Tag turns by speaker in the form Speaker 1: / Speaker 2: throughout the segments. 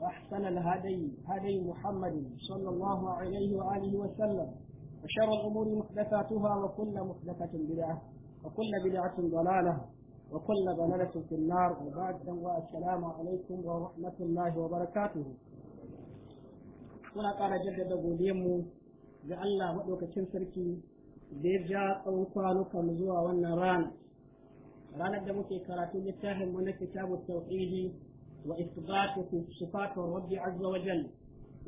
Speaker 1: وأحسن الهدي هدي محمد صلى الله عليه وآله وسلم وشر الأمور محدثاتها وكل محدثة بدعة وكل بدعة ضلالة وكل ضلالة في النار وبعد والسلام عليكم ورحمة الله وبركاته muna ƙara jaddada mu ga Allah maɗaukacin sarki da ya ja tsawon kwanukan zuwa wannan rana ranar da muke karatu littafin mu na kitabu tauhidi وإثبات صفات الرب عز وجل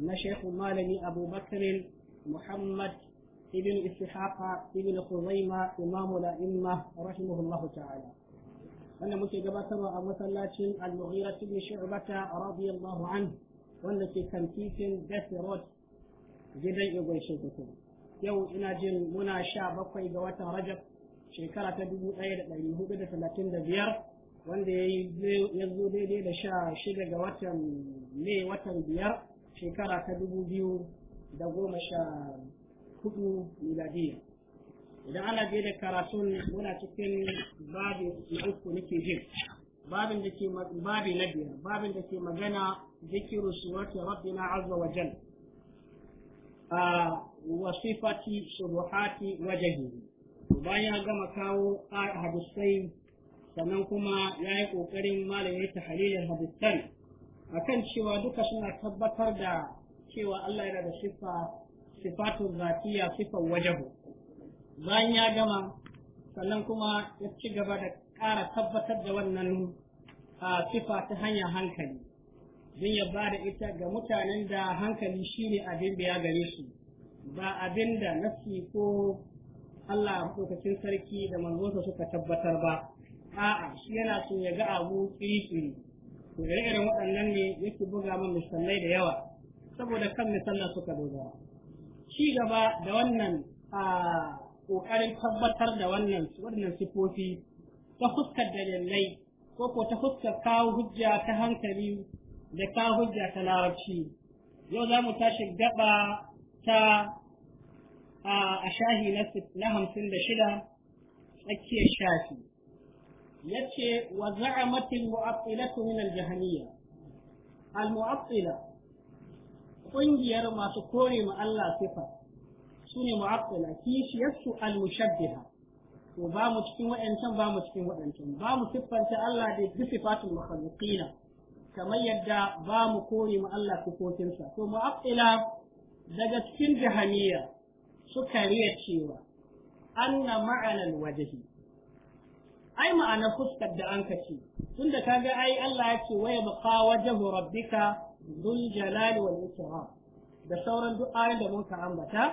Speaker 1: نشيخ مالني أبو بكر محمد ابن إسحاق ابن خزيمة إمام الأئمة رحمه الله تعالى أنا متجبة ومثلات المغيرة بن شعبة رضي الله عنه والتي كان تيكن دثرت جدي إبن شيكتون yau ina jin muna sha bakwai ga watan rajab shekara ta dubu ɗaya da ɗari hudu da talatin da biyar wanda ya ya zo daidai da sha shida ga watan ne watan biyar shekara ta dubu biyu da goma sha hudu miladiya idan ana je da karatun muna cikin babin na uku nake jin babin da ke babi na biyar babin da ke magana zikiru surati rabbina azza wa jal a wasifati shuruhati wajahi bayan gama kawo a hadisai sannan kuma ya yi ƙoƙarin malaye ta halilin hadistan kan cewa duka suna tabbatar da cewa Allah yana da sifa sifatun zatiya sifan wajabu bayan ya gama sannan kuma ya ci gaba da ƙara tabbatar da wannan sifa ta hanyar hankali zai ya ba da ita ga mutanen da hankali shine abin da ya gare su ba abin da nafsi ko Allah a sarki da manzonsa suka tabbatar ba. a'a shi yana so ya ga abu tsiri to da irin waɗannan ne yake buga min misalai da yawa saboda kan misalan suka dogara ci gaba da wannan a ƙoƙarin tabbatar da wannan waɗannan sifofi ta fuskar dalilai ko ko ta fuskar kawo hujja ta hankali da kawo hujja ta larabci yau za mu tashi gaba ta a shahi na hamsin da shida tsakiyar shafi yace wa za'amat al-mu'attilatu min al-jahmiyya al-mu'attila kungiyar masu kore ma Allah sifa sune mu'attila kishiyarsu al-mushabbiha to ba mu cikin waɗancan ba mu cikin waɗancan ba mu siffanta Allah da bi sifatul makhluqina kamar yadda ba mu kore ma Allah sifofinsa to mu'attila daga cikin jahaniya suka riya cewa anna ma'anar wajahi ai ma'ana fuskar da an kace tunda kaga ai Allah ya ce waya baqa wajhu rabbika dhul jalali wal ikram da sauran duk ayoyin da muka ambata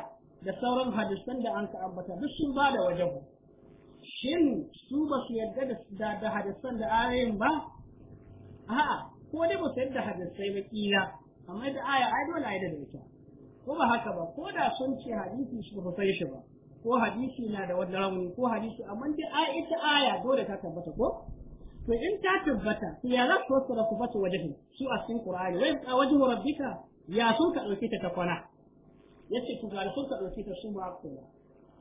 Speaker 1: da sauran hadisan da an ka ambata duk sun bada wajhu shin su ba su yarda da da hadisan da ayoyin ba a'a ko dai ba su yarda hadisai ba kila amma da aya ai dole ai da ita ko ba haka ba ko da sun ce hadisi su ba san shi ba ko hadisi na da wani rauni ko hadisi amma dai a ita aya dole ta tabbata ko to in ta tabbata to ya za ku sura ku fata wajen su a cikin qur'ani wai a wajen rabbika ya sun ka dauke ta kwana yace ku ga sun ka dauke ta su ba ku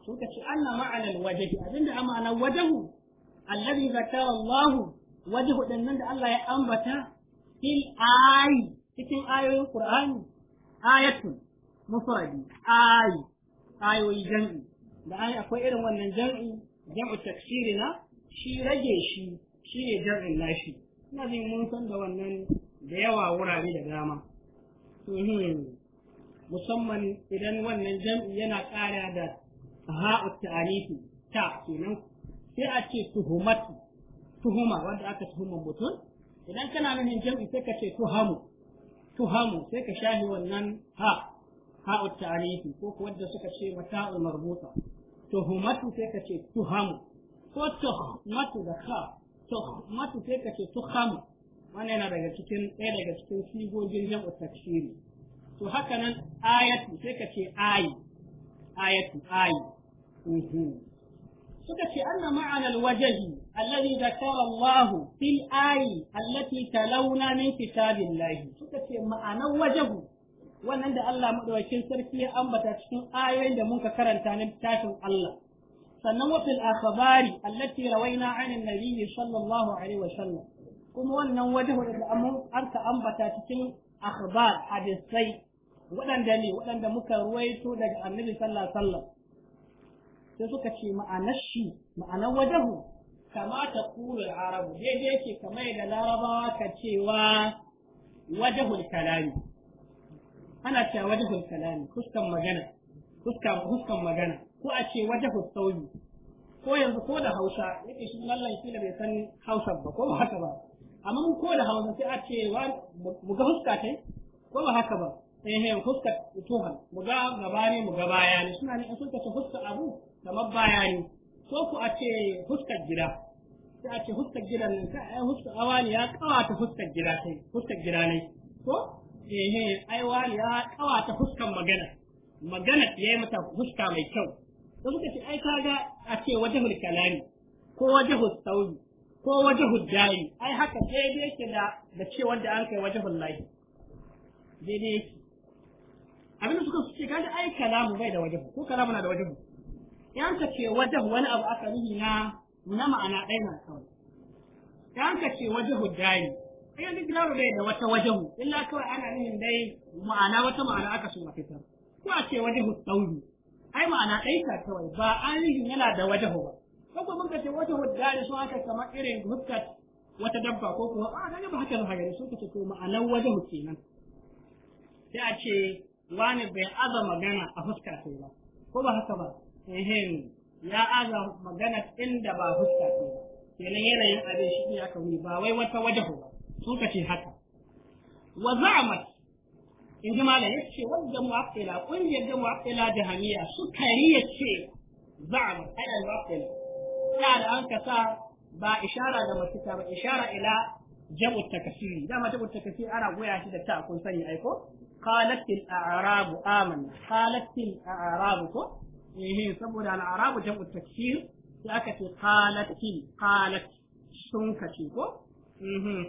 Speaker 1: sun ka ce anna ma'ana alwajhi abinda amana wajahu alladhi zakara Allah wajhu din nan da Allah ya ambata fil ayi cikin ayoyin qur'ani ayatun mufradi ayi ayoyi jami'i da ai akwai irin wannan jam'i jam'u taksiri na shi rage shi shi ne jam'in nashi ina jin mun san da wannan da yawa wurare da dama hmm. musamman idan wannan jam'i yana ƙara da ha'u ta'anifi ta kenan sai a ce tuhumatu tuhuma wanda aka tuhuma mutum idan kana nan jam'i sai ka ce tuhamu tuhamu sai ka shahi wannan ha ha'u ta'arifi ko kuwa da suka ce wa ta'u marbuta tuhumatu sai ka ce tuhamu ko tuhmatu da ka tuhmatu sai ka ce tuhamu wannan yana daga cikin ɗaya daga cikin sigogin jam'u takshiri to haka nan ayatu sai ka ce ayi ayatu ayi suka ce anna ma'anar wajahi الذي ذكر الله في الآية التي تلونا من كتاب Suka ce معنى وجهه wannan da Allah madawakin sarki ya ambata cikin ayoyin da muka karanta na tashin Allah sannan wa fil akhbari allati rawaina an annabi sallallahu alaihi wa sallam kuma wannan wajen da an arka ambata cikin akhbar hadisai waɗanda ne waɗanda muka ruwaito daga annabi sallallahu alaihi sai suka ce ma'anar shi ma'anar wajahu kama ta kulul arabu daidai yake kamar da larabawa ka cewa wajahul kalami ana cewa wajhul kalami fuskan magana fuskan fuskan magana ko a ce wajhul sauyi ko yanzu ko da Hausa yake shi mallan kila bai san Hausa ba ko ba haka ba amma mu ko da Hausa sai a ce wa mu ga fuska kai ko ba haka ba sai eh, eh fuska tuhan mu ga gaba ne mu ga baya ne suna ne in ta fuska abu kamar baya ne ko ku a ce fuskar gida sai a ce fuskar gidan a yi eh, fuskar awani ya kawata fuskar gida kai fuskar gida ne ko ehe ai wani ya ta fuskan magana magana ya yi mata fuska mai kyau da muka ce ai kaga a ce waje hulkalani ko waje sauri ko waje dayi ai haka daidai yake da da ce wanda an kai waje lahi daidai yake abin da suka ce kaga ai kalamu bai da wajahu ko kalamu na da wajahu yan ka ce waje wani abu aka nihi na na ma'ana ɗaya na kawai yan ka ce waje dayi sai yanzu gilaru bai da wata wajen illa kawai ana nufin dai ma'ana wata ma'ana aka so a fitar ko a ce wajen sauri ai ma'ana ta kawai ba ainihin yana da wajen ba ko mun ka ce wajen da sun haka kamar irin hukkat wata dabba ko kuma a nan ba haka zuwa gari sun ce ko ma'anar wajen kenan sai a ce wani bai aza magana a fuska sai ba ko ba haka ba ehem ya aza magana inda ba fuska sai ba kenan yanayin abin shi ne aka wuni ba wai wata wajen ba sun ce haka wa za'amat in ji malam ce wanda mu'attila kungiyar da mu'attila su suka ya ce a ana mu'attila ya da an kasa ba ishara da mafita ba ishara ila jam'u takasiri dama jam'u takasiri ana goya shi da ta kun sani aiko قالت الأعراب آمنا قالت الأعراب كو إيه سبودا الأعراب جمع التكسير سأكت قالت sun kace ko?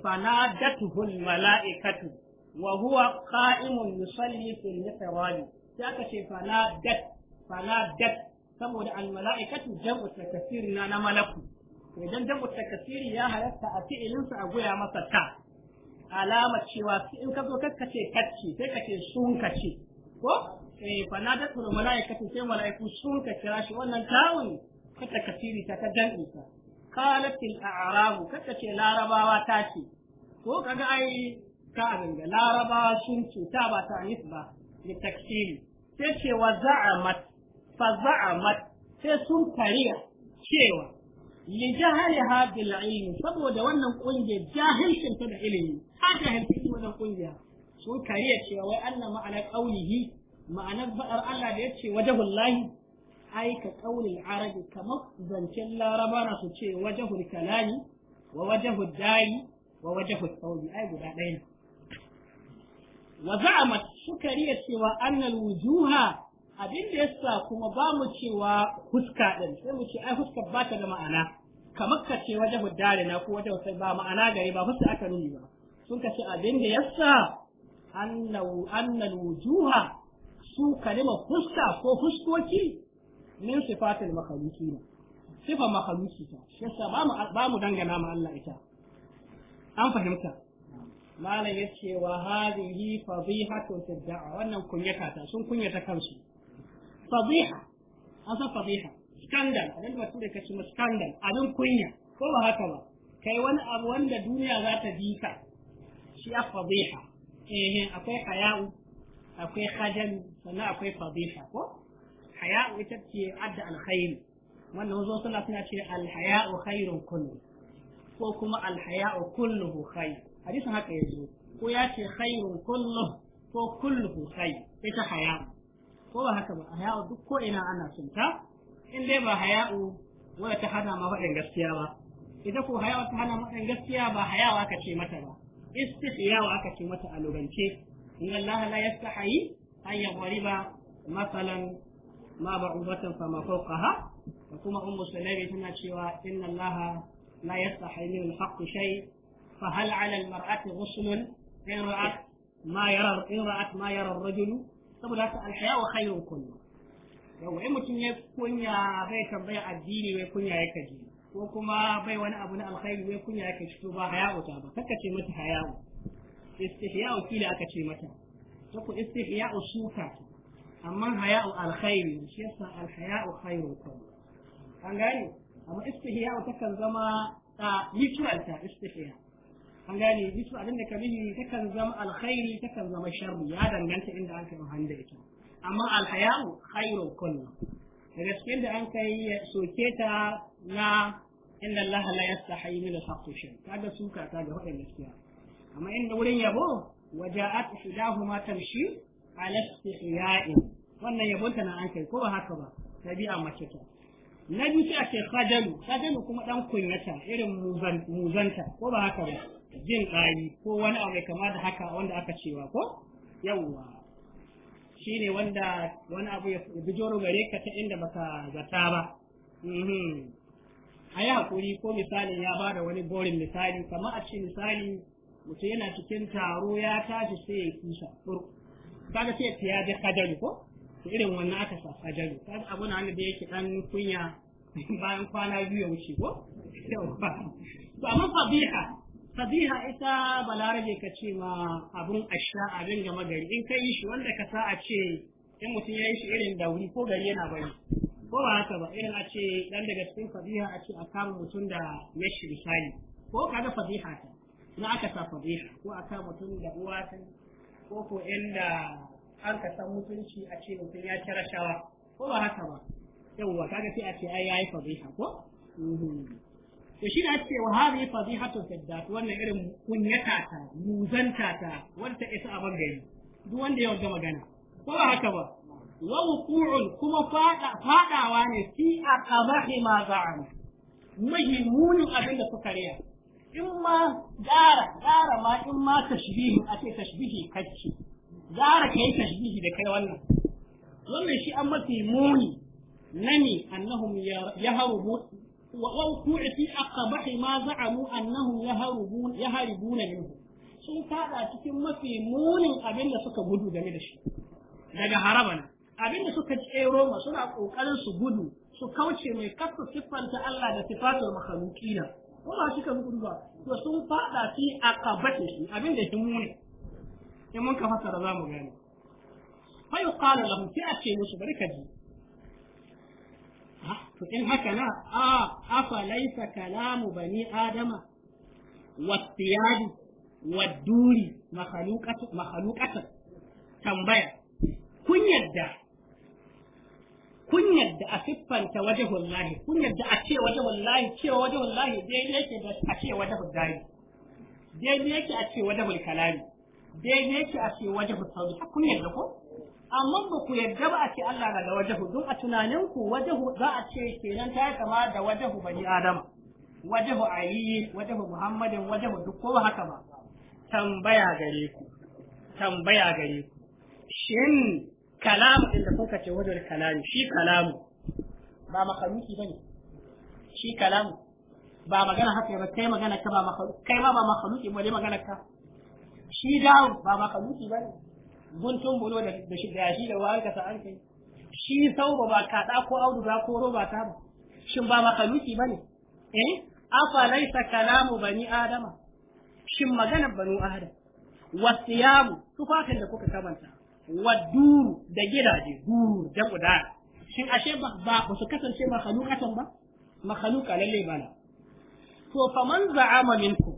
Speaker 1: فنادته الملائكة وهو قائم يصلي في المحراب ذاك شيء فنادت فنادت سمود الملائكة جمع تكسير نانا ملكو idan jam'u takasiri ya halarta a fi'ilinsa a goya masa ta alama cewa in ka kakka ce kacce sai ka ce sun kace ko eh fa na malaikatu sai malaiku sun ka kira wannan tawun ka takasiri ta ka jam'i ta Kalatin a a'rabu kaka ce larabawa ta ce ko kaga ai ka abinda larabawa sun cuta ba ta ba. Da taksiri sai ce wa za'amat fa za'amat sai sun kariya cewa li jahaliha bil ilmi saboda wannan kungiya jahilcin ta da ilimi ta jahilcin wannan kungiya sun kariya cewa wai annama ala qaulihi ma'anar ba'ar Allah da yace wajhullahi Aika ka arabi kamar zancen laraba na su ce wajahul hulkalani wa wajahul dayi wa wajahul qawli ai guda ɗaya ne wa a suka riya cewa annal wujuha abin da yasa kuma ba mu cewa huska ɗin, sai mu ce ai huska ba ta da ma'ana kamar ka ce waje huddare na ko waje sai ba ma'ana gari ba huska aka nuni ba sun ka ce abin da yasa annal annal wujuha su kalimar huska ko huskoki min sifatil makhluqina sifa makhluqi ta shi yasa ba mu ba mu dangana ma Allah ita an fahimta malam yace wa hadhihi fadihatu fi wannan kunyata ta sun kunyata kansu fadiha da tura kace scandal abin kunya ko ba haka ba kai wani abu wanda duniya za ta bi ka shi a fadiha eh akwai haya'u akwai sannan akwai fadiha ko alhaya ita ce adda alkhairu wanda wasu suna suna ce a khairun kullu ko kuma alhaya kulluhu khair hadisin haka yazo ko ya ce khairun kullu ko kulluhu khair ita haya ko haka ba haya duk ina ana sunta in dai ba haya wanda ta ma faɗin gaskiya ba ita ko haya ta hana ma faɗin gaskiya ba haya aka ce mata ba istihyawa aka ce mata a masalan ma ba'ubatan fama ma fawqaha da kuma ummu sulaimi tana cewa inna allaha la yastahi min al-haqq shay fa hal 'ala al-mar'ati in ra'at ma yara in ra'at ma yara ar-rajul saboda ta al-hayaa khayrun kullu yau in mutum ya kunya bai tambaya addini bai kunya ya kaji ko kuma bai wani abu na alkhairi bai kunya ya kaji to ba haya'u ta ba kaka ce mata haya'u istihya'u kila aka ce mata to ku istihya'u suka amma haya'u alkhairi shi yasa alhaya'u khairul qabl an gani, amma istihya'u takan zama ta mutual ta istihya an gane mutu abin da kabihi takan zama alkhairi takan zama sharri ya danganta inda an kai handa ita amma alhaya'u khairul kullu daga cikin da an kai soke ta na inna allaha la yastahi min al-haqqi shay kaga suka ta ga wadannan gaskiya amma inda wurin yabo waja'at ihdahuma tamshi ala istihya'in wannan yabonta na an kai ko ba haka ba tabi'a mace na biyu sai a ce khadalu khadalu kuma ɗan kunyata irin muzanta ko ba haka ba jin ƙayi ko wani abu mai kama da haka wanda aka cewa ko yawwa shine wanda wani abu ya bijoro gare ka ta inda baka zata ba mhm. a yi hakuri ko misalin ya ba da wani borin misali kama a ce misali mutum yana cikin taro ya tashi sai ya kusa kaga sai ya ji hajaru ko to irin wannan aka sa hajaru kaga abu na wanda yake dan kunya bayan kwana biyu ya wuce ko to amma fadiha fadiha ita balarabe ka ce ma abun asha abin gama gari in kai shi wanda ka sa a ce in mutum ya yi shi irin da wuri ko gari yana bari ko ba haka ba irin a ce dan daga cikin fadiha a ce a kama mutum da ya shi misali ko kaga fadiha ta na aka sa fadiha ko a kama mutum da uwa ta ko ko inda an ka san mutunci a ce mutum ya ci rashawa ko ba haka ba yawwa kaga sai a ce ai yayi fadiha ko mhm. to shi da ce wa hadhihi fadihatu fiddat wannan irin kunyata ta muzanta ta wanda isa a bangare duk wanda ya ga magana ko ba haka ba wa wuqu'un kuma fada fadawa ne fi aqabahi ma za'an muhimmin abin da suka riya in ma gara gara ma in ma tashbihi a ce tashbihi kacce gara kai tashbihi da kai wannan wannan shi an mafi muni nani annahum yaharubu wa fi aqbahi ma za'amu annahum yaharubun yaharibuna minhu sun fada cikin mafi munin abin da suka gudu game da shi daga haraban, abin da suka tsero Roma suna kokarin su gudu su kauce mai kasu siffanta Allah da sifatul makhluqina Kuma shi kan muku ba to sun fada a aqabati shi abin da himu ne in mun ka fasara za mu gane fa yuqalu lahum fi ake musu barka ji to in haka na a afa laisa kalamu bani adama wa duri wadduri makhluqatan tambaya kun yadda kunyar da a siffanta waje wallahi kunyar da a ce waje wallahi cewa waje wallahi daidai yake da a ce waje huddari daidai yake a ce waje hulkalari daidai yake a ce waje hussaudi ta kunyar da ko amma ba ku yarda ba a ce Allah na da wajahu don a tunaninku wajahu za a ce kenan ta kama da wajahu bani adam wajahu aliyi wajahu muhammadin wajahu duk ko haka ba tambaya gare ku tambaya gare ku shin kalamu inda kun kace wajen kalamu shi kalamu ba makaruki bane shi kalamu ba magana haka ba kai magana ka ba kai ma ba makaruki ba dai magana ka shi dawo ba makaruki bane guntun bulo da shi da shi da wani kasa an shi sauba ba kaɗa ko auduga ko roba ta ba shin ba makaruki bane eh afa laisa kalamu bani adama shin magana banu adam wasiyamu tufafin da kuka kamanta wa da gidaje duru da gudana shin ashe ba su kasance makhluqatan ba makhluqa lalle bala to faman za'ama minkum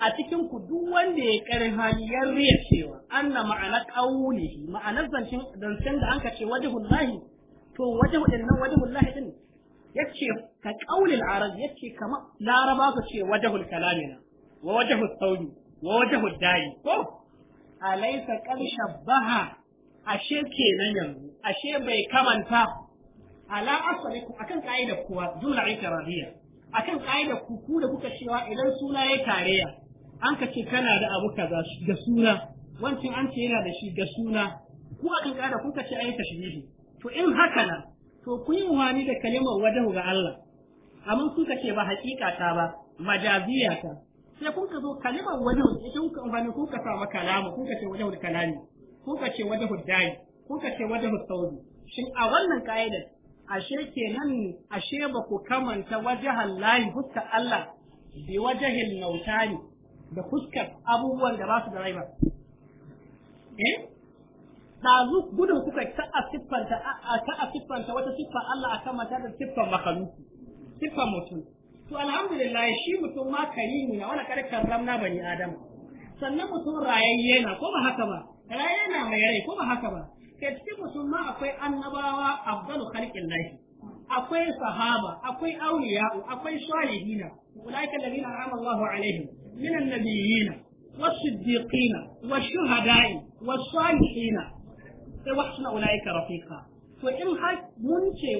Speaker 1: a cikin ku duk wanda ya karin hali ya riya cewa anna ma'ana qaulihi ma'anar zancin zancin da anka ce wajhullahi to wajhu din nan wajhullahi din yace ka qaulil arab yace kama laraba ku ce wajhul wa wa ko ashe kenan yanzu ashe bai kamanta ala ku akan kaida kuwa jumla itiradiyya akan kaida ku ku da kuka cewa idan suna ya tareya an ka ce kana da abu kaza ga suna wancan an ce yana da shi ga suna ku akan ka'ida kun ka ce ayi tashbihi to in haka na to ku yi wani da kalimar wajen ga Allah amma kun ka ce ba hakika ta ba majaziya ta sai kun ka zo kalimar wajen ita kun ka amfani kun ka sa kalamu kun ka ce wajen da kalami ko ka ce wajen huddari ko ka ce wajen hussauri shin a wannan ka'idar ashe kenan ashe ba ku kamanta wajen hallahi fuskar Allah bi wajen nautari da fuskar abubuwan da ba su da rai ba eh ɗazu gudun kuka ta a siffanta ta a wata siffar Allah a mata da siffar makaluki siffar mutum to alhamdulillah shi mutum ma karimi na wani karkar ramna bani adam sannan mutum rayayye na ko ba haka ba raye na mai rai ko haka ba ke cikin musulma akwai annabawa abdalu khalqin lahi akwai sahaba akwai awliya akwai shalihina ulaika alladhina an'ama Allahu alaihim min an-nabiyyin was-siddiqin wash-shuhada'i was-salihin sai wahsuna ulaika rafiqa to in har mun ce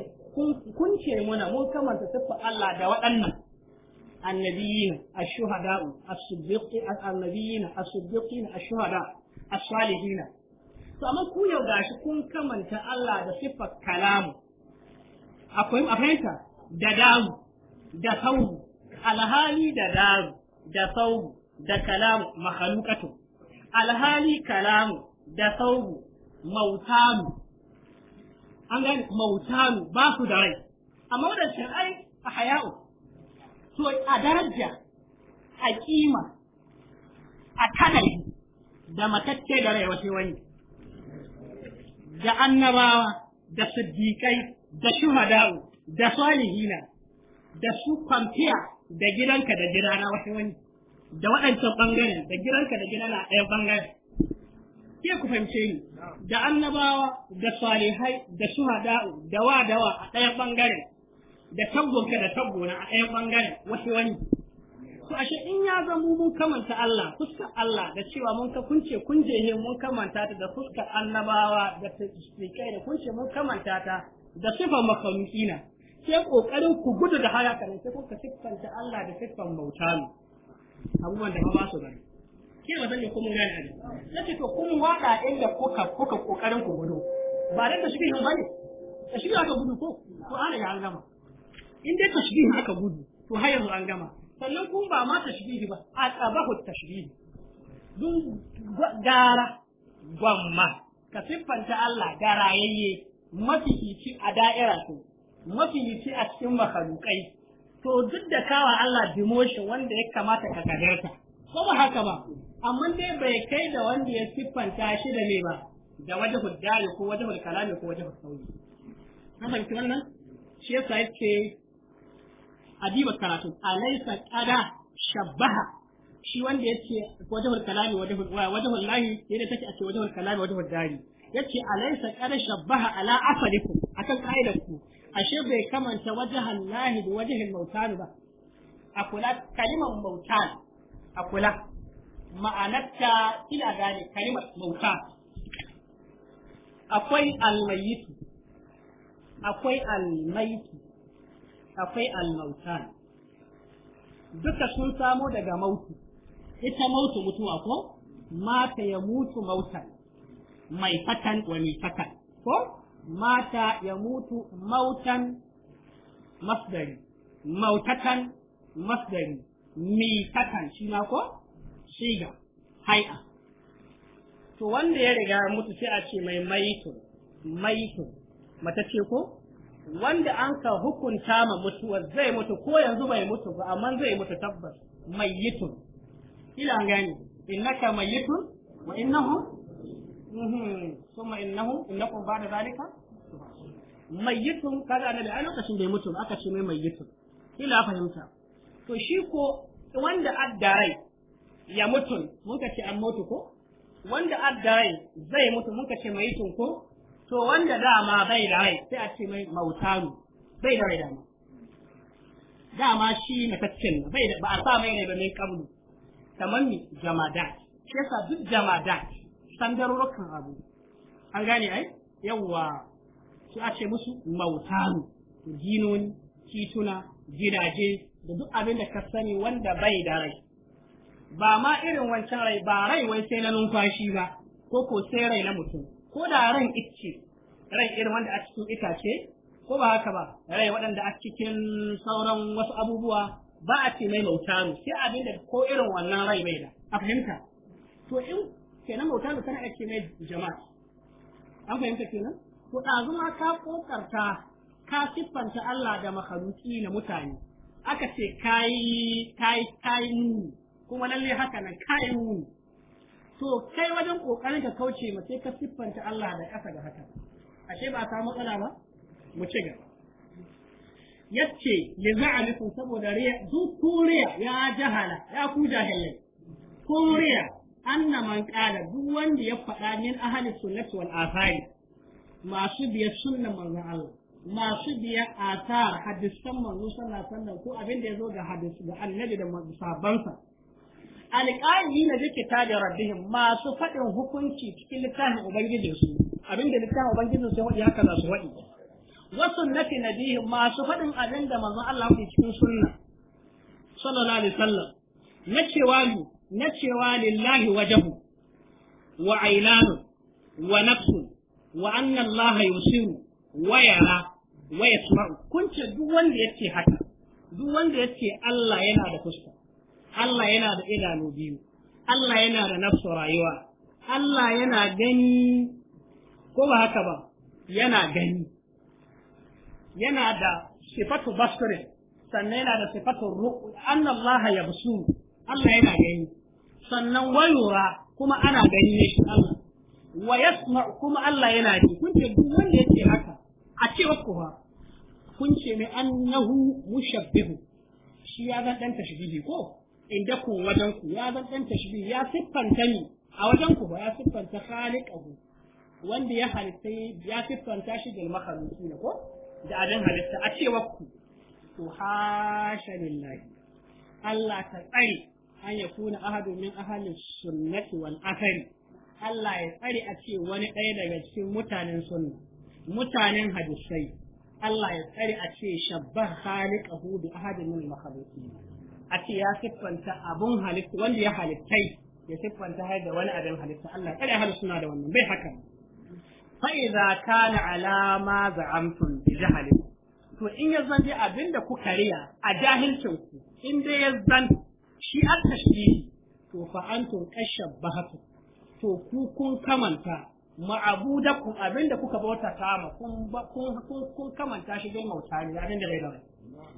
Speaker 1: kun ce muna mun kamanta siffar Allah da waɗannan annabiyyin ash-shuhada'u as-siddiqin annabiyyin as-siddiqin ash-shuhada'u as-salihina to amma ku yau gashi kun kamanta Allah da sifar kalamu akwai a fahimta da damu da sauru alhali da damu da sauru da kalamu mahalukatu, alhali kalamu da sauru mautanu an gani mautanu ba su da rai amma wadancan ai a haya'u to a daraja a kima a tanadi da matacce da rai wasu wani da annabawa da siddiƙai da shuhada'u da salihina da su kwamfiya da gidanka da gidana wasu wani da waɗancan ɓangare da gidanka da gidana ɗaya ɓangare ke ku fahimce ni da annabawa da salihai da shuhada'u da wa wa a ɗaya ɓangare da tabbonka da tabbona a ɗaya ɓangare wasu wani to ashe in ya zama mun kamanta Allah fuskar Allah da cewa mun ka kunce kunje ne mun kamanta ta da fuskar annabawa da kai da kunce mun kamanta ta da sifar makamukina sai kokarin ku gudu da haya kan sai kuka siffanta Allah da siffan bauta ne abubuwan da ma ba su bari ke ba zan yi kuma gane abin nace to kun wada inda kuka kuka kokarin ku gudu ba da ne, bane shi aka gudu ko ko ana ya an gama in dai tashbihi aka gudu to har yanzu an gama sannan kun ba ma tashbihi ba a tsabahu tashbihi dun gara gwamma ka siffanta Allah gara yayye. mafi yici a da'ira su yici a cikin makalukai to duk da kawa Allah demotion wanda ya kamata ka kadarta ko ba haka ba amma dai bai kai da wanda ya siffanta shi da me ba da waje huddari ko waje kalami ko waje sauyi na fahimci wannan shi yasa yake adiba karatu alaysa qada shabbaha shi wanda yace wajhul kalami wajhul wajhul lahi yadda take a ce wajhul kalami wajhul dari yace alaysa qada shabbaha ala asalikum akan kaidar ku ashe bai kamanta wajhul lahi da wajhul mautan ba akula kalimar mautan akula ma'anarta ina gane kalimar mauta akwai almayitu akwai almaitu akwai al-mautan duka sun samo daga mautu ita mautu mutuwa ko mata ya mutu mautan mai fatan wa mai fatan ko mata ya mutu mautan masdari mautatan masdari fatan shi ma ko shiga hai'a to wanda ya riga mutu sai a ce mai maitu maitu mata ce ko wanda an ka hukunta ma mutuwar zai mutu ko yanzu bai mutu ba amma zai mutu tabbas mai mayyitun ila gani innaka mayyitun wa innahu kuma mhm, innahu innakum ba'da zalika mayyitun kaga annabi a lokacin bai mutu aka ce mai mayyitun ila fahimta to shi ko wanda addarai ya mutu mun ka ce an mutu ko wanda addarai zai mutu mun ka ce mai mayyitun ko to wanda dama bai da rai sai a ce mai mautanu bai da rai dama dama shi mataccen bai da ba a sa mai rai ba mai kamlu kamar ni jama'a shi yasa duk jamadat sandarurrukan abu an gane ai yawwa su a ce musu mautanu ginoni tituna gidaje da duk abin da ka sani wanda bai da rai ba ma irin wancan rai ba rai wai sai na numfashi ba ko ko sai rai na mutum ko da ran icce ran irin wanda a cikin itace ko ba haka ba rai waɗanda a cikin sauran wasu abubuwa ba a ce mai mautaru sai abin da ko irin wannan rai bai da a fahimta to in kenan mautaru tana ake mai jama'a an fahimta kenan to ɗazu zuma ka kokarta ka siffanta Allah da makhaluki na mutane aka ce kayi kayi kayi kuma lalle haka nan kayi nuni to kai wajen kokarin ka kauce ma sai ka siffanta Allah da ƙasa ga haka ashe ba samu matsala ba mu ci gaba yace za'ali za'alikum saboda riya duk kuriya ya jahala ya ku jahilai kuriya anna man qala duk wanda ya faɗa min ahli sunnati wal athari masu biyar sunnan manzon Allah masu biya asar hadisan manzo sallallahu alaihi wasallam ko abin da yazo ga hadis ga annabi da sabansa alƙali na jike ta da rabbihim masu faɗin hukunci cikin littafin Abin da littafin ubangijinsu ya waɗi haka za su waɗi wasu nafi nabihim masu faɗin abin da manzon Allah ke cikin sunna sallallahu alaihi wasallam na cewa mu na cewa lillahi wajahu wa ailanu wa nafsu wa anna Allah yusiru wa yara wa yasma'u kun ce duk wanda yace haka duk wanda yace Allah yana da fuska Allah yana da idanu biyu Allah yana da nafsu rayuwa Allah yana gani ko ba haka ba yana gani yana da sifatu basirin sannan yana da sifatu ruku an Allah ya basu Allah yana gani sannan wayura kuma ana gani ne shi Allah wa ya kuma Allah yana ji kun ce duk wanda ya ce haka a ce ku ba kun ce mai annahu mushabbihu shi ya ga dan tashbihi ko inda ku wajen ku ya zan shi tashbih ya siffanta ni a wajen ku ya siffanta khaliqahu wanda ya halitta ya siffanta shi da makhluki ne ko da adan halitta a cewa ku to hasha lillahi Allah ta tsare an ya kuna ahadu min ahli sunnati wal athari Allah ya tsare a ce wani ɗaya daga cikin mutanen sunna mutanen hadisai Allah ya tsare a ce shabba khaliqahu bi ahadin min makhluqin a ce ya siffanta abun halitta wanda ya halittai ya siffanta har da wani abin halitta Allah kada har suna da wannan bai haka fa idza kana ala ma za'amtum bi jahalikum to in ya zan dai abinda kuka riya a jahilcin ku in dai ya zan shi aka tashbihi to fa antum kashabbahatu to ku kun kamanta ma'abudakum abinda kuka bauta kama kun kun kun kamanta shi bil mautani abinda bai da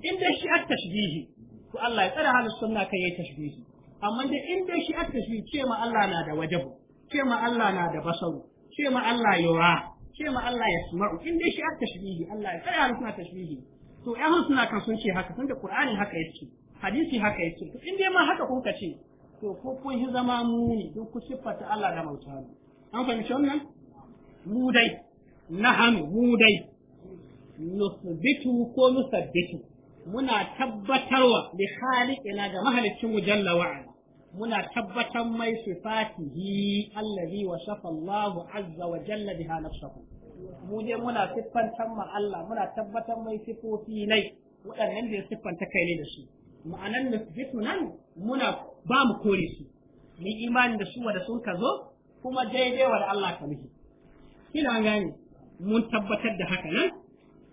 Speaker 1: in dai shi aka tashbihi to Allah ya tsare halin sunna kai yayi tashbihi amma dai in dai shi aka tashbihi ce ma Allah na da wajabu ce ma Allah na da basaru ce ma Allah yura ce ma Allah ya sumaru. in dai shi aka tashbihi Allah ya tsare halin sunna tashbihi to ƴan suna kan sun ce haka tunda Qur'ani haka yake hadisi haka yake to in dai ma haka kuka ce to ko kun shi zama muni don ku siffata Allah da mauta. ne an fahimci wannan mu dai nahanu mu dai nusbitu ko nusabbitu muna tabbatarwa bi khaliqina ga mahalicin mujalla wa'ala muna tabbatar mai sifatihi allazi wa shafa Allahu azza wa jalla biha nafsahu mu je muna siffantar ma Allah muna tabbatar mai sifofi ne waɗannan da siffanta kai ne da su ma'anan nusbitu nan muna ba mu kore su ni imani da su wada sun ka zo kuma daidai wa Allah ka mihi kina gani mun tabbatar da haka nan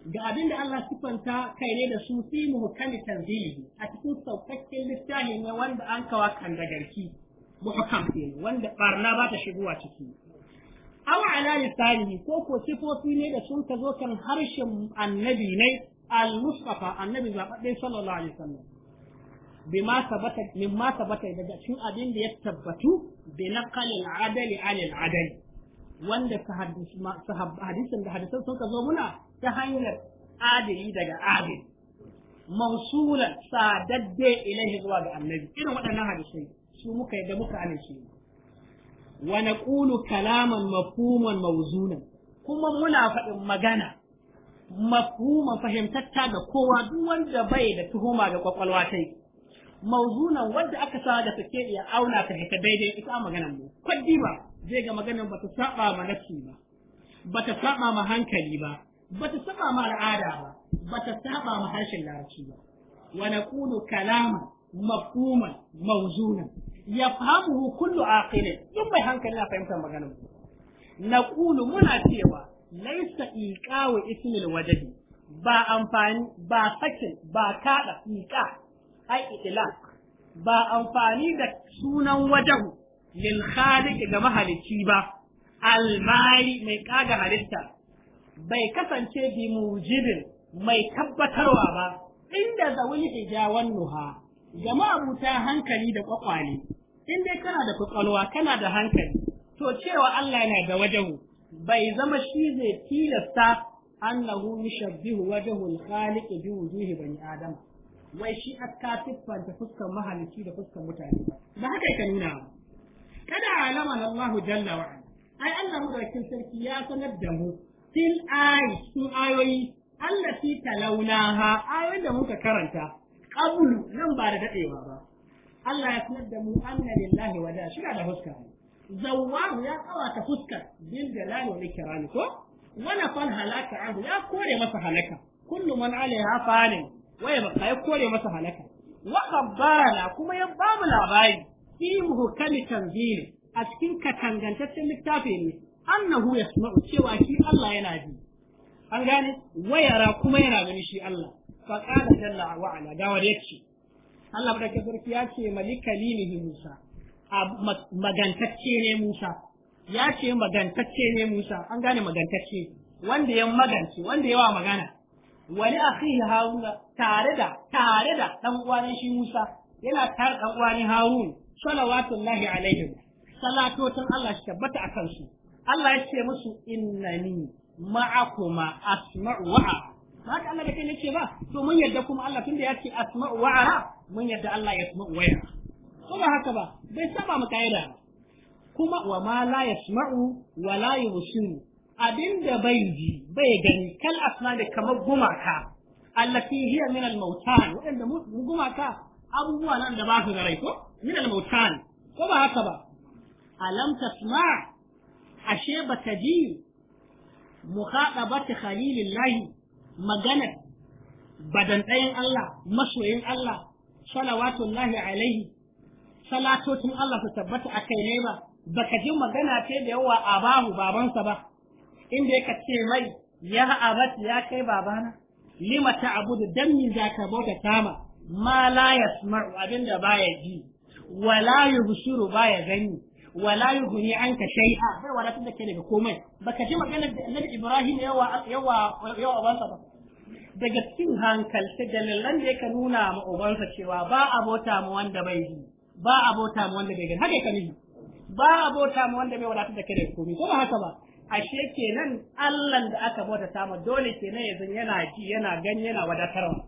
Speaker 1: ga abin da Allah sifanta kai ne da su fi muhkami tanzili a cikin saukakken littafi ne wanda an kawa kan da garki muhkam ne wanda barna ba ta shigowa ciki aw ala lisanihi ko ko sifofi ne da sun ka zo kan harshen annabi ne al-mustafa annabi zababbe sallallahu alaihi wasallam bima sabata mimma sabata daga cikin abin da ya tabbatu bi naqal al-adali ala al-adali wanda ka hadisin da hadisin sun ka zo muna ta hanyar adili daga adil mausulan sadadde ilai zuwa ga annabi irin waɗannan hadisai su muka yadda muka amince wa naqulu kalaman mafhuman mawzunan kuma muna faɗin magana mafhuma fahimtatta ga kowa duk wanda bai da tuhuma ga kwakwalwa yi. mawzunan wanda aka sa da take iya auna ta ta daidai ita maganar mu kwaddi ba zai ga maganar ba bata saba ma hankali ba ba ta saba ma al'ada ba ba ta saba ma harshen larabci ba wa naqulu kalama mafhuma mawzuna yafhamuhu kullu aqilin in mai hankali na fahimtar maganar naqulu muna cewa laysa iqa'u ismil wajhi ba amfani ba sakin ba kada iqa ai itlaq ba amfani da sunan wajahu lil khaliq ga mahalicci ba al mai kaga halitta bai kasance bi mujibin mai tabbatarwa ba inda zawil ijawan nuha jama'a buta hankali da kwakwale in dai kana da kwakwalwa kana da hankali to cewa Allah yana da wajahu bai zama shi zai tilasta annahu yushabbihu wajhul khaliq bi wujuhi bani adam wai shi aka siffanta fuskar mahalicci da fuskar mutane ba haka ka nuna kada alama Allah jalla wa ai Allah mu sarki ya sanar da mu fil ayi sun ayoyi allati ha ayoyin da muka karanta qablu nan ba da dadewa ba Allah ya sanar da mu anna lillahi wa da shi da fuska ya kawata fuskar bil jalali wal ikrami ko wala fal halaka abu ya kore masa halaka kullu man alaiha fanin wa ya ya kore masa halaka wa khabbarana kuma ya babu labari fi muhkami tanzil a cikin katangantaccen littafi ne annahu yasma'u cewa shi Allah yana ji an gane wayara kuma yana gani shi Allah fa qala jalla wa ala ga wanda yake Allah barka sarki ya ce malikalimihi Musa magantacce ne Musa ya ce magantacce ne Musa an gane magantacce wanda ya magance wanda yawa magana wani akhi Haruna tare da tare da dan uwanin shi Musa yana tare dan uwanin Harun salawatullahi alaihi salatotin Allah shi tabbata akan su Allah ya ce musu innani ma'akuma asma'u wa'a ba haka Allah da kai yake ba to mun yadda kuma Allah tunda ya ce asma'u wa'a mun yadda Allah ya asma'u wa'a ko ba haka ba bai saba mu kaida kuma wa ma la yasma'u wa la yusiru abinda bai ji bai gani kal asma da kamar gumaka allati hiya min al mautan wanda gumaka abubuwa nan da ba su da rai ko min al mautan ko ba haka ba alam tasma' ashe ba ka ji mukhaqabati khalilillahi magana badan ɗayan Allah masoyin Allah salawatullahi alaihi salatocin Allah su tabbata a kai ne ba Ba ka ji magana ce da yawa a bahu babansa ba inda ya ce mai ya abati ya kai babana lima ta ta'budu dan za zaka bauta tama ma la yasma'u abinda baya ji wala yubsiru baya gani wala yughni anka shay'a bai wadatar da ke daga komai baka ji maganar da annabi Ibrahim yawa yawa yawa ba daga cikin hankalta dalilan da yake nuna ma ubansa cewa ba abota mu wanda bai ji ba abota mu wanda bai gani haka yake nufi ba abota mu wanda bai wadatar da kai da komai ko ba haka ba ashe kenan Allah da aka bauta ta ma dole kenan ya yana ji yana gani yana wadatarwa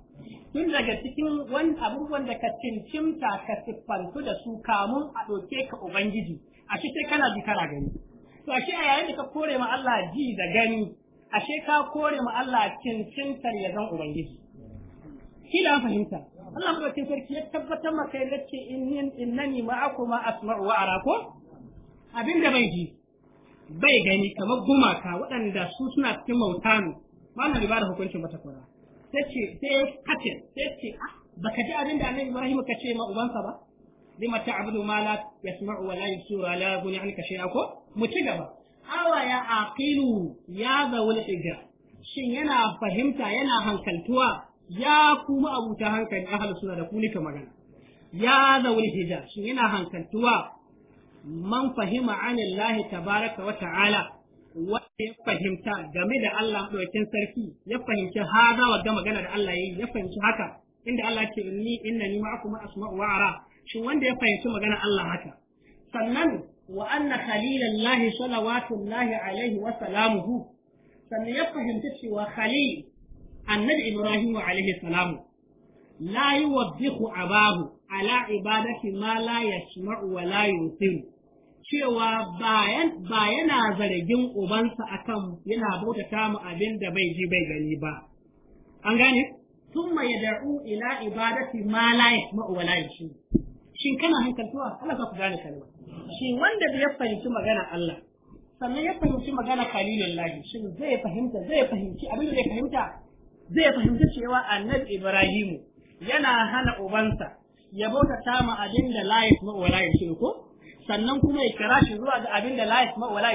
Speaker 1: tun daga cikin wani abubuwan da ka cincimta ka siffantu da su kamun a ɗauke ka ubangiji ashe sai kana ji kana gani to ashe a yayin da ka kore ma Allah ji da gani ashe ka kore ma Allah cincintar ya zan ubangiji kila fahimta Allah madaukakin sarki ya tabbatar maka ya ce innin innani ma'akuma asma'u wa ara abin da bai ji bai gani kamar gumaka waɗanda su suna cikin mautanu ba na ribar da hukuncin mata sai ce sai kace sai ce ah, baka ji abinda annabi Ibrahim ka ce ma ubansa ba lima ta'budu ma la yasma'u wa la yusiru la yughni an kashe ko mu ci gaba awa ya aqilu ya zawul hijra shin yana fahimta yana hankaltuwa ya kuma abuta hankali ahlus sunna da kulika magana ya zawul hijra shin yana hankaltuwa man fahima anillahi tabaraka wa ta'ala wanda ya fahimta game da Allah ɗaukin sarki ya fahimci haza wa ga magana da Allah ya ya fahimci haka inda Allah ce inni inna ni ma'akum asma'u wa ara shin wanda ya fahimci magana Allah haka sannan wa anna khalilallahi salawatullahi alaihi wa salamuhu sannan ya fahimci cewa khalil annabi ibrahim alaihi salamu la yuwaddihu abahu ala ibadati ma la yasma'u wa la yusiru cewa bayan ba yana zargin ubansa akan yana ta mu abin da bai ji bai gani ba an gane ثم يدعو إلى عبادة ما لا يسمع ولا يشوف shin kana hankaltuwa Allah za ku gane kalma shi wanda ya fahimci magana Allah sannan ya fahimci magana kalilullahi shin zai fahimta zai fahimci abin da zai fahimta zai fahimci cewa annabi Ibrahimu yana hana ubansa ya ta ma abin da la ma wa la ko sannan kuma ya kira shi zuwa ga abin da la ma wa la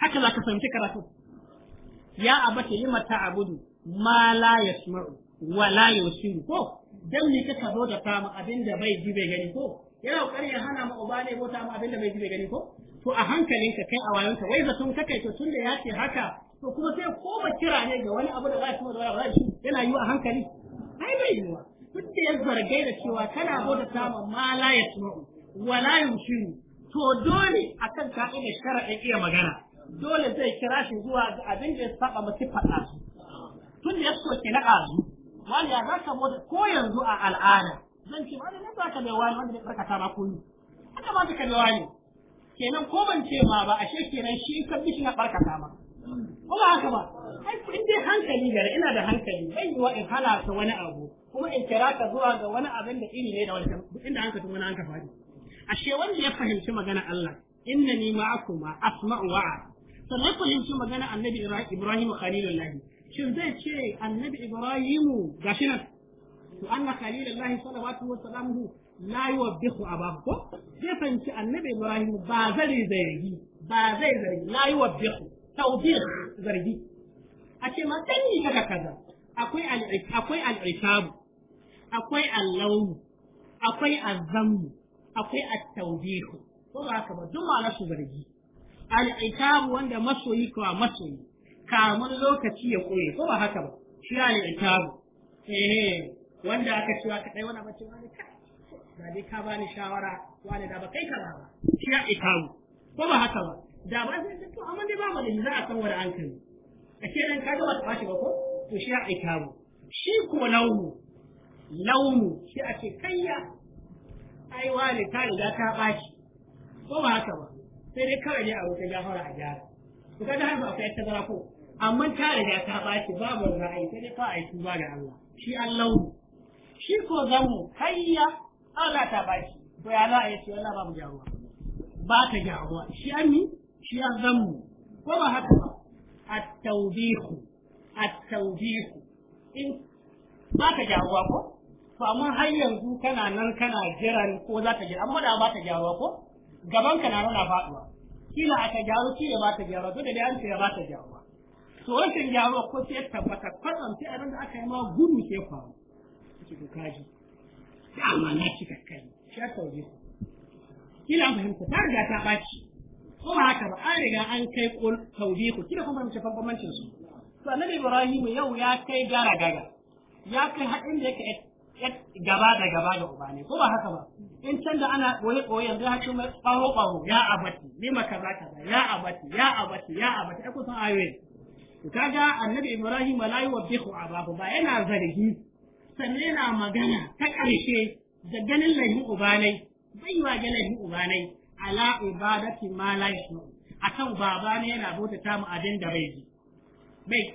Speaker 1: haka za ka fahimci karatu ya abata lima abudu ma la yasma'u wa la yashuru ko dan ne ka zo da samu abin da bai ji bai gani ko yana kokari ya hana ma uba ne bota ma abin da bai ji bai gani ko to a hankalinka kai a wayonka wai zaton kake to tunda ya ce haka to kuma sai ko ba kira ne ga wani abu da za shi da ba shi yana yi a hankali ai bai yi duk kuke ya zarge da cewa kana da samu ma mala ya tuno wala yushiru to dole akan ga shar'a iya magana dole zai kira shi zuwa ga abin da ya saba masa faɗa tun da ya ke na ƙazu wani ya za ka bauta ko yanzu a al'ada zan ce wani nan za ka bai wani wanda ya barkata ma koyi haka ma ka bai wani kenan ko ban ce ma ba ashe kenan shi ka bi shi na barkata ma ko ba haka ba in dai hankali gare ina da hankali zan yi wa in halata wani abu kuma in kira ka zuwa ga wani abin da iri ne da wani kamar inda an ka tun wani an ka faɗi ashe wanda ya fahimci magana Allah Inna innani ma'akuma asma'u wa'a sannan fahimci magana annabi Ibrahim Khalilullahi shin zai ce annabi ibrahimu ga shi nan to anna khalilallahi sallallahu wa sallamu la yuwabbihu abahu ko zai fanci annabi ibrahimu ba zai zargi ba zai zargi la yuwabbihu tawbih zargi a ce ma sani daga kaza akwai akwai al'isabu akwai allawu akwai azammu akwai at-tawbihu ko ba haka ba duk ma zargi al'isabu wanda masoyi ko masoyi kamun lokaci ya koye ko ba haka ba shi ya yi tabu eh wanda aka cewa ka dai wani bace wani ka ba dai ka bani shawara wani da ba kai ka ba shi ya tabu ko ba haka ba da ba sai to amma dai ba mu da za a san wani an a ce dan kaga ba ta shi ba ko to shi ya tabu shi ko launu launu shi a ce kayya ai wani ka riga ka baci ko ba haka ba sai dai kawai ne a wuce jahara a gyara ko kaga har ba ta tazara ko amma ta riga ta baki babu za a yi sai fa ai yi tuba ga Allah shi Allah shi ko zamu hayya Allah ta baki to ya za a yi Allah babu jaruwa ba ta jaruwa shi an shi an zamu ko ba haka ba at-tawbihu at-tawbihu in ba ta jaruwa ko to amma har yanzu kana nan kana jiran ko za ta jaruwa amma da ba ta jaruwa ko gaban ka na nuna faduwa kila a ta jaru kila ba ta jaruwa to da dai an ce ba ta jaruwa to rashin gyaruwa ko sai tabbata kwatsam sai abin da aka yi ma gudu sai faru su to kaji da amana ci kakkari sha tauje kila an fahimta ta riga ta ɓaci ko ba haka ba an riga an kai kul tauje ku kila kuma mace bambancin su to annabi ibrahim yau ya kai gara gara ya kai haɗin da yake gaba da gaba da uba ko ba haka ba in can da ana koyi koyi yanzu haka mai tsaro ya abati lima kaza kaza ya abati ya abati ya abati ai kusan san ayoyi to kaga annabi ibrahim la yuwaddihu abahu ba yana zargi sannan yana magana ta ƙarshe da ganin laifin ubanai bai wa ga laifin ubanai ala ibadati ma la yasma'u akan baba ne yana ta mu abin da bai ji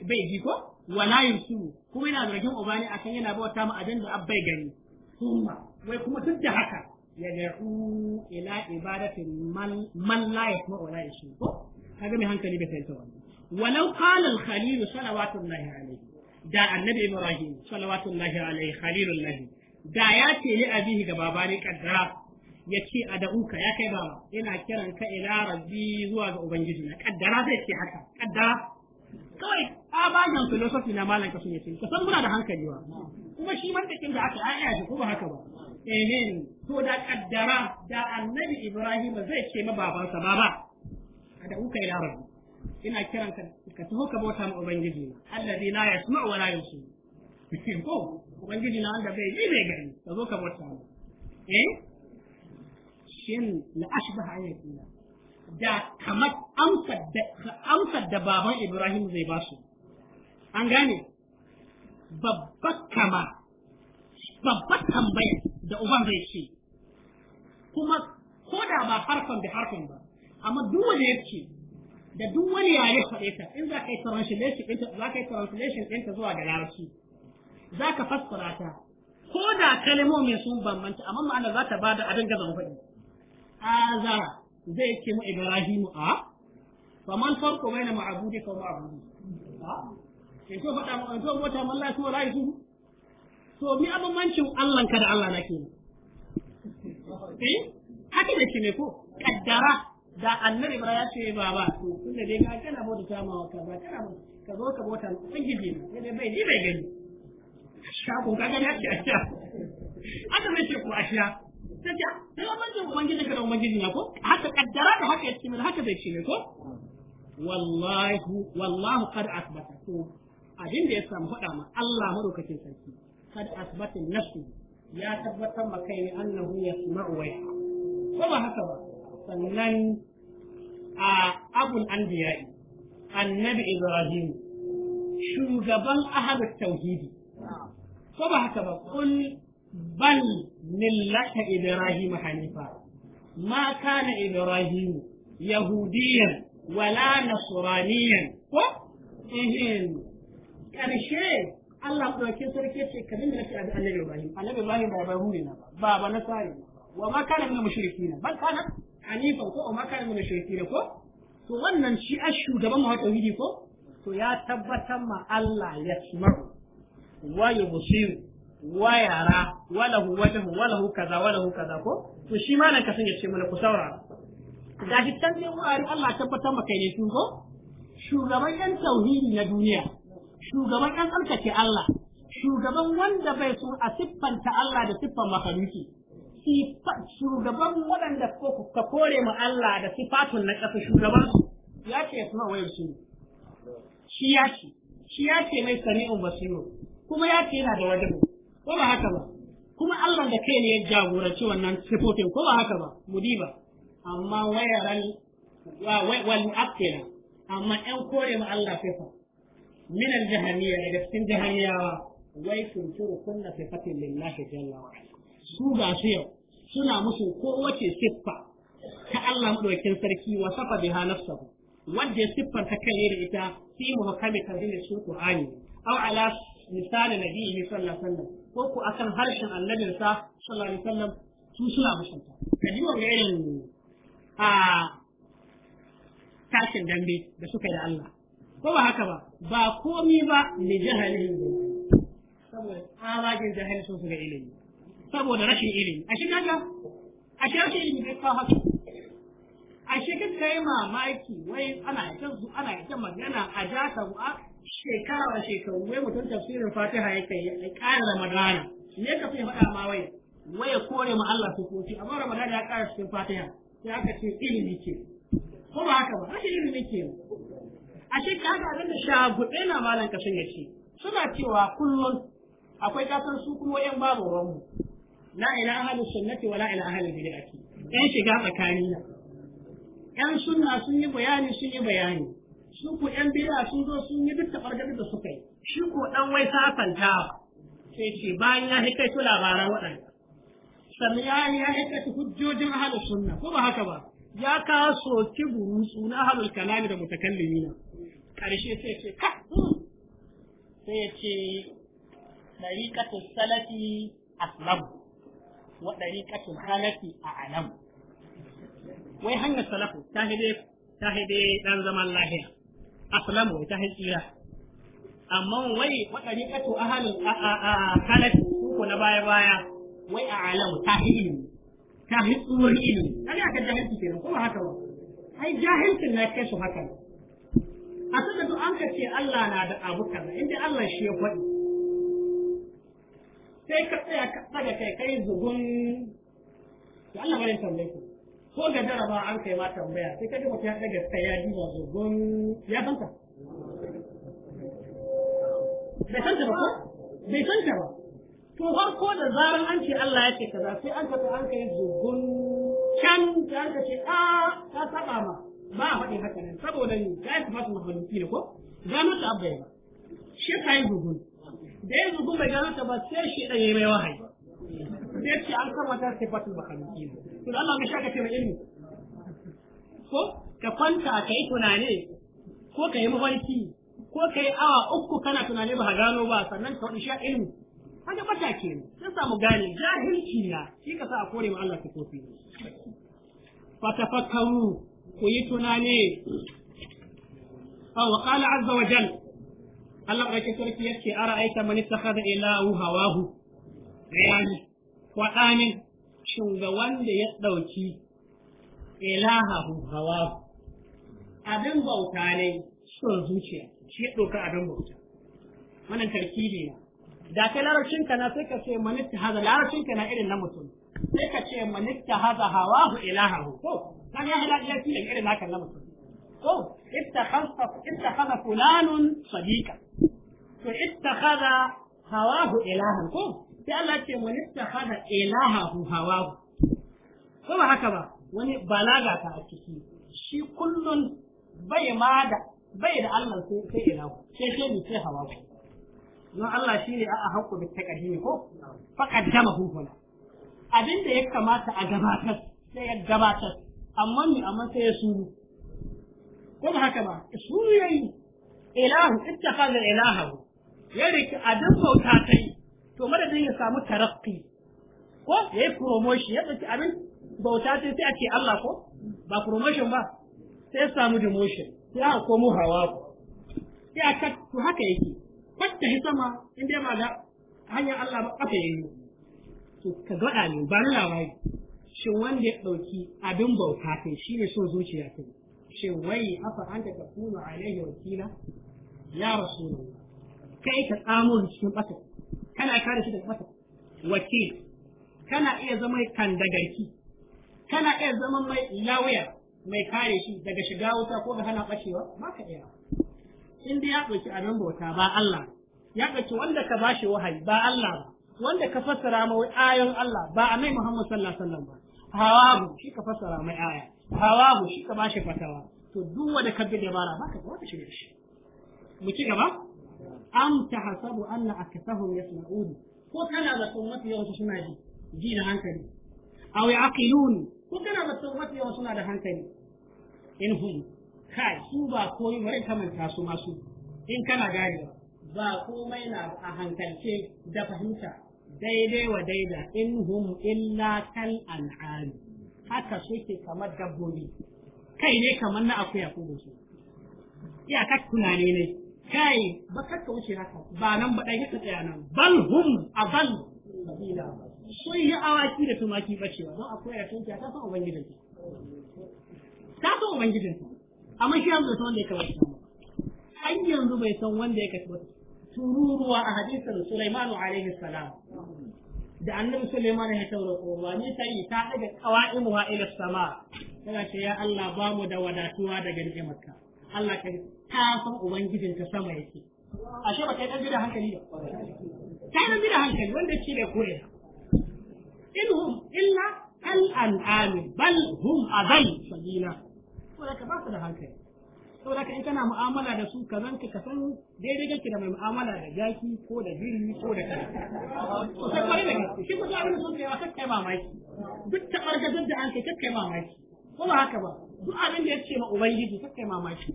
Speaker 1: bai ji ko wala yusu kuma yana zargin ubani akan yana bauta mu abin da abbai gani kuma wai kuma duk da haka ya da'u ila ibadati man la yasma'u wala yusu ko kaga mai hankali bai sai ta wannan walau qala al khalil salawatullahi alayhi da annabi ibrahim salawatullahi alayhi khalilullahi da ya ce li abihi ga baba ne kaddara ya ce a da'uka ya kai baba ina kiran ka ila rabbi zuwa ga ubangiji na kaddara zai ce haka kaddara kawai abajan filosofi na malam ka sune ka san muna da hankali ba kuma shi mantakin da aka aya shi kuma haka ba ehin to da kaddara da annabi ibrahim zai ce ma babansa baba a da uka ila rabbi ina kiran ka ka taho ka bauta ma ubangiji na ya la yasma'u wa la yusi ko ubangiji na wanda bai ji bai gani ka zo ka bauta ma eh shin la ashbaha ayatina da kamar amsar da amsar da baban Ibrahim zai ba su an gane babbar kama babbar tambaya da uban zai ce kuma ko da ba harfan da harfan ba amma duk wanda yake da duk wani yare faɗe ta in za ka yi translation ɗinta za ka yi translation ɗinta zuwa ga larabci za ka fassara ta ko da kalmomin sun bambanta amma ma'ana za ta ba da abin gaza faɗi aza zai ce mu ibrahimu a faman farko bai na ma'abudi ko ma'abudi in to faɗa in to mota mallah su rayu su to mi abamancin Allah ka da Allah nake eh haka da ke ne ko kaddara da annar ibra ya ce ba ba to tunda dai ka kana bauta ta mawa ka ba kana ka zo ka bauta sun gije ne dai bai ji bai gani shago ka gani ce a ta mai ce ko asha ta ce sai wannan jin ubangiji ka da ubangiji na ko haka kaddara da haka yake min haka bai ce ne ko wallahi wallahu qad asbata to abin da ya samu faɗa ma Allah madaukakin sarki kad asbata nafsu ya tabbatar ma kai ne annahu yasma'u wa ko ba haka ba sannan a abul anbiya'i annabi ibrahim shugaban ahadut tauhidi ko ba haka ba kul bal millata ibrahim hanifa ma kana ibrahim yahudiyan wala nasraniyan ko ehin karshe Allah ɗauke sarki ce ka dinga ce annabi Ibrahim annabi Ibrahim ba ba mu ne na ba ba ba na sare wa ma kana min mushrikina bal kana hanifan ko amma kana mun shirki ne ko to wannan shi a shugaban mu tauhidi ko to ya tabbatar ma Allah ya sumaru wa musiru wa yara wa lahu wajhu wa lahu kaza wa lahu kaza ko to shi ma nan kasan ya ce mana ku saura da shi can ne wa'ari Allah tabbatar ma kai ne sun ko shugaban yan tauhidi na duniya shugaban kan tsarkake Allah shugaban wanda bai so a siffanta Allah da siffan makaluki shugaban waɗanda ka kore mu Allah da sifatun na ƙasa shugaban ya ce ya suna wayar su shi ya ce shi ya ce mai sami'un basiru kuma ya ce yana da wajen ko ba haka ba kuma Allah da kai ne ya jagoranci wannan sifofin ko ba haka ba mudiba amma wayaran wal mu'akkila amma ɗan kore mu Allah sifa min al-jahmiyya daga cikin jahmiyawa wai tuntu kunna sifatin lillahi jalla wa ala su ga su yau suna musu ko wace siffa ta Allah madaukakin sarki wa safa biha nafsahu wanda ya siffanta kai da ita fi muhakkami tanzilin shi Qur'ani aw ala misali nabiyyi sallallahu alaihi wasallam ko ku akan harshen annabinsa sallallahu alaihi wasallam su suna musunta kaji wa irin a tashin dambe da suka yi da Allah ko ba haka ba ba komi ba ne jahalin saboda tsamagin jahilcin su ga ilimi saboda rashin ilimi ashe kaga ashe rashin ilimi bai kawo haka ashe ka kai mamaki wai ana yakan su ana yakan magana a jata ba shekara da shekaru wai mutum tafsirin fatiha ya kai ya da ramadana me ka fi faɗa ma wai wai ya kore ma Allah sufofi amma ramadana ya ƙara cikin fatiha sai aka ce ilimi ke ko ba haka ba rashin ilimi ke ashe ka ga abin da shaguɗe na malam kashin ya ce suna cewa kullum akwai kasar su kuma yan babu ruwanmu la ila ahli sunnati wala ila ahli bid'ati yan shiga tsakani na yan sunna sun yi bayani sun yi bayani su ko yan bid'a sun zo sun yi duk tabargar da suka yi Shuku ɗan dan wai safanta sai ce bayan ya hika su labaran waɗanda sannan ya ya hika su hujjojin ahli sunna ko ba haka ba ya kawo soki burutsu da mutakallimina karshe sai ce hmm. sai ya ce salafi aslam wa dariqatul halati a alam wai hanyar salafu ta hide ta hide dan zaman lahiya aslamu ta hijira amma wai wa dariqatu ahalul halati ko na baya baya wai a alam ta ilimi ta hi tsuwar ilimi kaga aka jahilci kuma haka ba ai jahilcin na kai su haka a sanda an ka ce Allah na da abu kaza inda Allah shi ya faɗi sai ka tsaya ka tsaga kai kai zugun to Allah bai tambaye ku ko ga jaraba an kai ma tambaya sai ji mutum ya daga sai ya duba zugun ya san ta bai san ta ba ko bai san ta ba to har ko da zaran an ce Allah ya ce kaza sai an tafi an kai zugun can ta an ce a ka saba ma ba a faɗi haka nan saboda ni ya kamata mu fahimci ne ko gano ta abai ba shi ka yi zugun da ya zugu bai gano ta ba sai shi ɗan yi mai wahayi sai ce an san wata sai karwata sifatul makhluqin to Allah mai shaka ce mai ilmi ko ka kwanta ka yi tunane ko ka yi mafarki ko ka yi awa uku kana tunani ba ka gano ba sannan ka wani sha ilmi haka bata ke sai samu gane jahilci na shi ka sa a kore ma Allah ta sifofi fatafakkaru ku yi tunane wa qala azza wa jalla Allah bakin sarki yace ara aita man ittakhadha ilahu hawahu yani wadanin shin ga wanda ya dauki ilahahu hawahu abin bauta ne son zuciya shi ya ɗauka abin bauta wannan tarkibi ne da kai larabcin ka na sai ka ce man ittakhadha larabcin ka na irin na mutum sai ka ce man ittakhadha hawahu ilahahu ko kan ya hada ya irin na kan na mutum Oh, ko ittakhadha fulanun sadiqa to ittakhadha hawahu ilahan ko sai Allah ce wani ittakhadha ilahahu hawahu ko ba haka ba wani balaga ta a ciki shi kullun bai ma da bai da Allah sai sai ilahu sai sai ni sai hawahu don Allah shine a a hakku bi ne ko faqaddamahu huna abinda ya kamata a gabatar sai ya gabatar amma ni amma sai ya suru ko ba haka ba su yayi ilahu ittakhadha ilahahu ya riki abin bauta kai to madadin ya samu tarakki ko ya yi promotion ya ɗauki abin bauta sai sai a ce Allah ko ba promotion ba sai ya samu demotion sai aka komo hawa ko sai a kat to haka yake fatta hi sama in dai ma ga hanyar Allah ba aka yi to ka gwada ne ba na labari shin wanda ya ɗauki abin bauta kai shi ne son zuciya kai ce wai afa anta takunu alaihi wakila ya rasulullah kai ka tsamo cikin bata kana kare shi daga bata wakil kana iya zama kan dagarki kana iya zama mai lawyer mai kare shi daga shiga wuta ko ga hana bacewa ba ka iya in dai ya ɗauki abin bauta ba Allah ya ɗauki wanda ka bashi wahayi ba Allah ba wanda ka fassara mai ayon Allah ba a mai Muhammad sallallahu alaihi wasallam ba hawa shi ka fassara mai aya hawahu shi ka bashi fatawa to duk wanda ka bi dabara ba ka wata shirye shi mu ci gaba am tahasabu anna akthahum yasma'un ko kana da sunnati yau suna ji ji da hankali aw yaqilun ko kana da sunnati yau suna da hankali in hum kai su ba koyi bare manta su su in kana gari ba komai na a hankalce da fahimta daidai wa daida in hum illa kal an'ami haka suke kamar dabbobi kai ne kamar na akuya ko musu ya ka tunani ne kai ba ka ka wuce haka ba nan ba dai ka tsaya nan bal hum abal sabila sun yi awaki da tumaki bacewa don akuya sun ta ta san ubangijin ta san ubangijin amma shi yanzu da wanda ya kawai An yanzu bai san wanda ya kashe tururuwa a hadisin Sulaimanu alaihi salam da annabi Suleiman ya taura kowa ni sai ta daga qawa'imu wa ila sama tana ce ya Allah ba mu da wadatuwa daga ni'imarka Allah ka ta san ubangijin ka sama yake ashe ba kai dan bi da hankali ba kai dan bi da hankali wanda shi ne kure. inhum illa al an'am bal hum adall sabila ko ka ba su da hankali saboda ka in kana mu'amala da su ka zanka ka san daidai kake da mai mu'amala da jaki ko da birni ko da kai to sai kwari da gaske shi kuma abin sun kai sai kai mamaki duk ta barkazar da an kai sai kai mamaki ko ba haka ba duk abin da yake ma ubangiji sai kai mamaki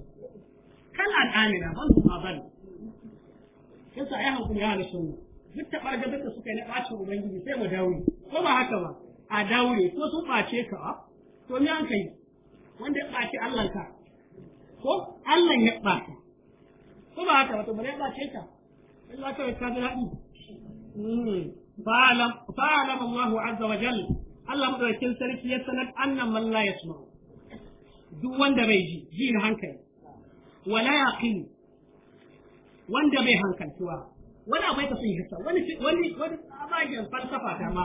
Speaker 1: kan al'amina ban su ma ban. sai sa ayyukan kuma ya da sunna duk ta barkazar da suka yi na bacin ubangiji sai mu dawo. ko ba haka ba a dawo ne ko sun ɓace ka to me an kai wanda ya bace Allah ka ko Allah ya ba ta ko ba haka wato bare ba ce ta Allah ta ta da hadi fa'alam fa'alam Allah azza wa jalla Allah da madaukakin sarki ya sanar annan man la yasma duk wanda bai ji ji hankali wala yaqin wanda bai hankaltuwa wani abai ka sun yi hasa wani wani wani abagen falsafa ta ma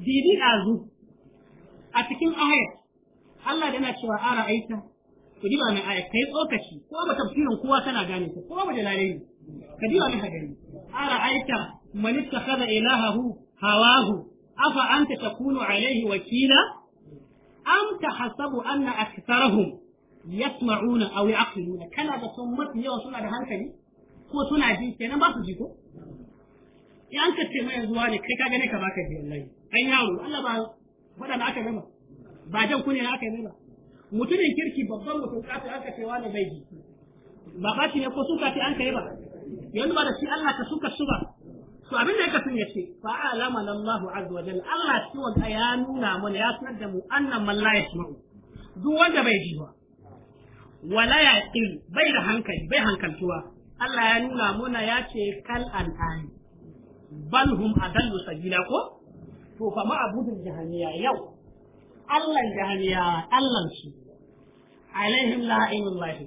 Speaker 1: didi azu a cikin ayat Allah yana cewa ara aita ku diba mai aya kai tsokaci ko ba tafsirin kowa tana gane ta ko ba ne, ka diba min hadari ara aita man ittakhadha ilahahu hawahu afa anta takunu alaihi wakila am tahasabu anna aktharahum yasma'una aw ya'qiluna kana da son mafi yawa suna da hankali ko suna ji kenan ba su ji ko in ka ce mai yanzu wani kai ka gane ka baka ji wallahi an yaro Allah ba wadanda aka gama ba jan kune na aka yi ba mutumin kirki babban mutum kafin aka ce ne bai ji ba ba shi ne ko suka ce an kai ba yanzu ba da shi Allah ka suka su ba to abin da ya kasu ya ce fa alama lallahu azza wajal Allah shi wanda ya nuna mana ya sanar da mu annan man la yasma'u duk wanda bai ji ba wala ya il bai da hankali bai hankaltuwa Allah ya nuna mana ya ce kal an'ani bal hum adallu sabila ko to fa ma abudul jahanniya yau Allah jahaniya Allah shi alaihim la'inul lahi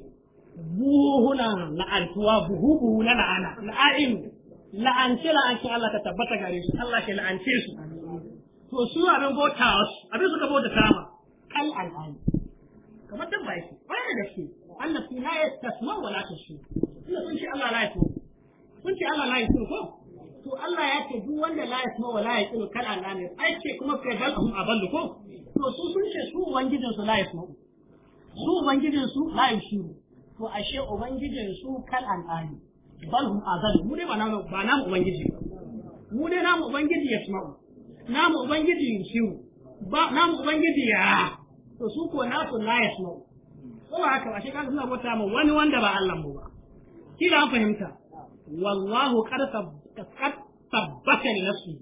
Speaker 1: buhuhuna la'antuwa buhu buhu na la'ana la'in la'ance la'ance Allah ka tabbata gare su Allah ke la'ance su to su abin bota abin suka bota tama kal al'ani kamar dan bai bai da shi Allah fi la yastasma wa la tashi ina sun ce Allah la yasu sun ce Allah la yasu ko to Allah ya ce duk wanda la yasma wa la yasu kal al'ani ai ce kuma fa galhum aballu ko to su sun ce su wangijin su la yasma su ubangijin su la yushiru to ashe ubangijin su kal al'ani bal hum azal mu ne ba namu ba namu ubangiji mu ne namu ubangiji ya sma'u namu ubangiji yushiru ba namu ubangiji ya to su ko na, to la ya sma'u ko ba haka ashe kaga suna bauta mu wani wanda ba Allah mu ba kila an fahimta wallahu qad tabbata li nafsi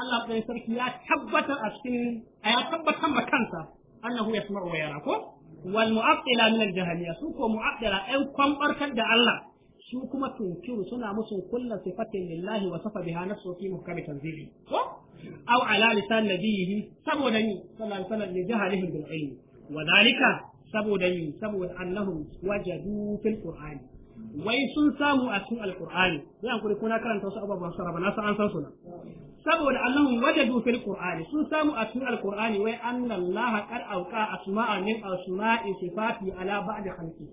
Speaker 1: Allah ɗan sarki ya tabbatar a cikin ya tabbatar ba kansa annahu yasma'u wa yara ko wal mu'attila min al jahmiya su ko mu'attila ɗan kwambarkar da Allah su kuma tunkiru suna musu kulla sifatin lillahi wa safa biha nafsu fi muhkami tanzili ko aw ala lisan nabiyhi saboda ni sallallahu alaihi wasallam li jahalihim bil ilmi wa dalika saboda ni saboda annahum wajadu fil qur'ani wai sun samu a cikin alqur'ani sai an kuri kuna karanta wasu abubuwan sarrafa na san an san su saboda annahum wajadu fil qur'ani sun samu a cikin alqur'ani wai anna allah qad auqa asma'a min asma'i sifati ala ba'd khalqi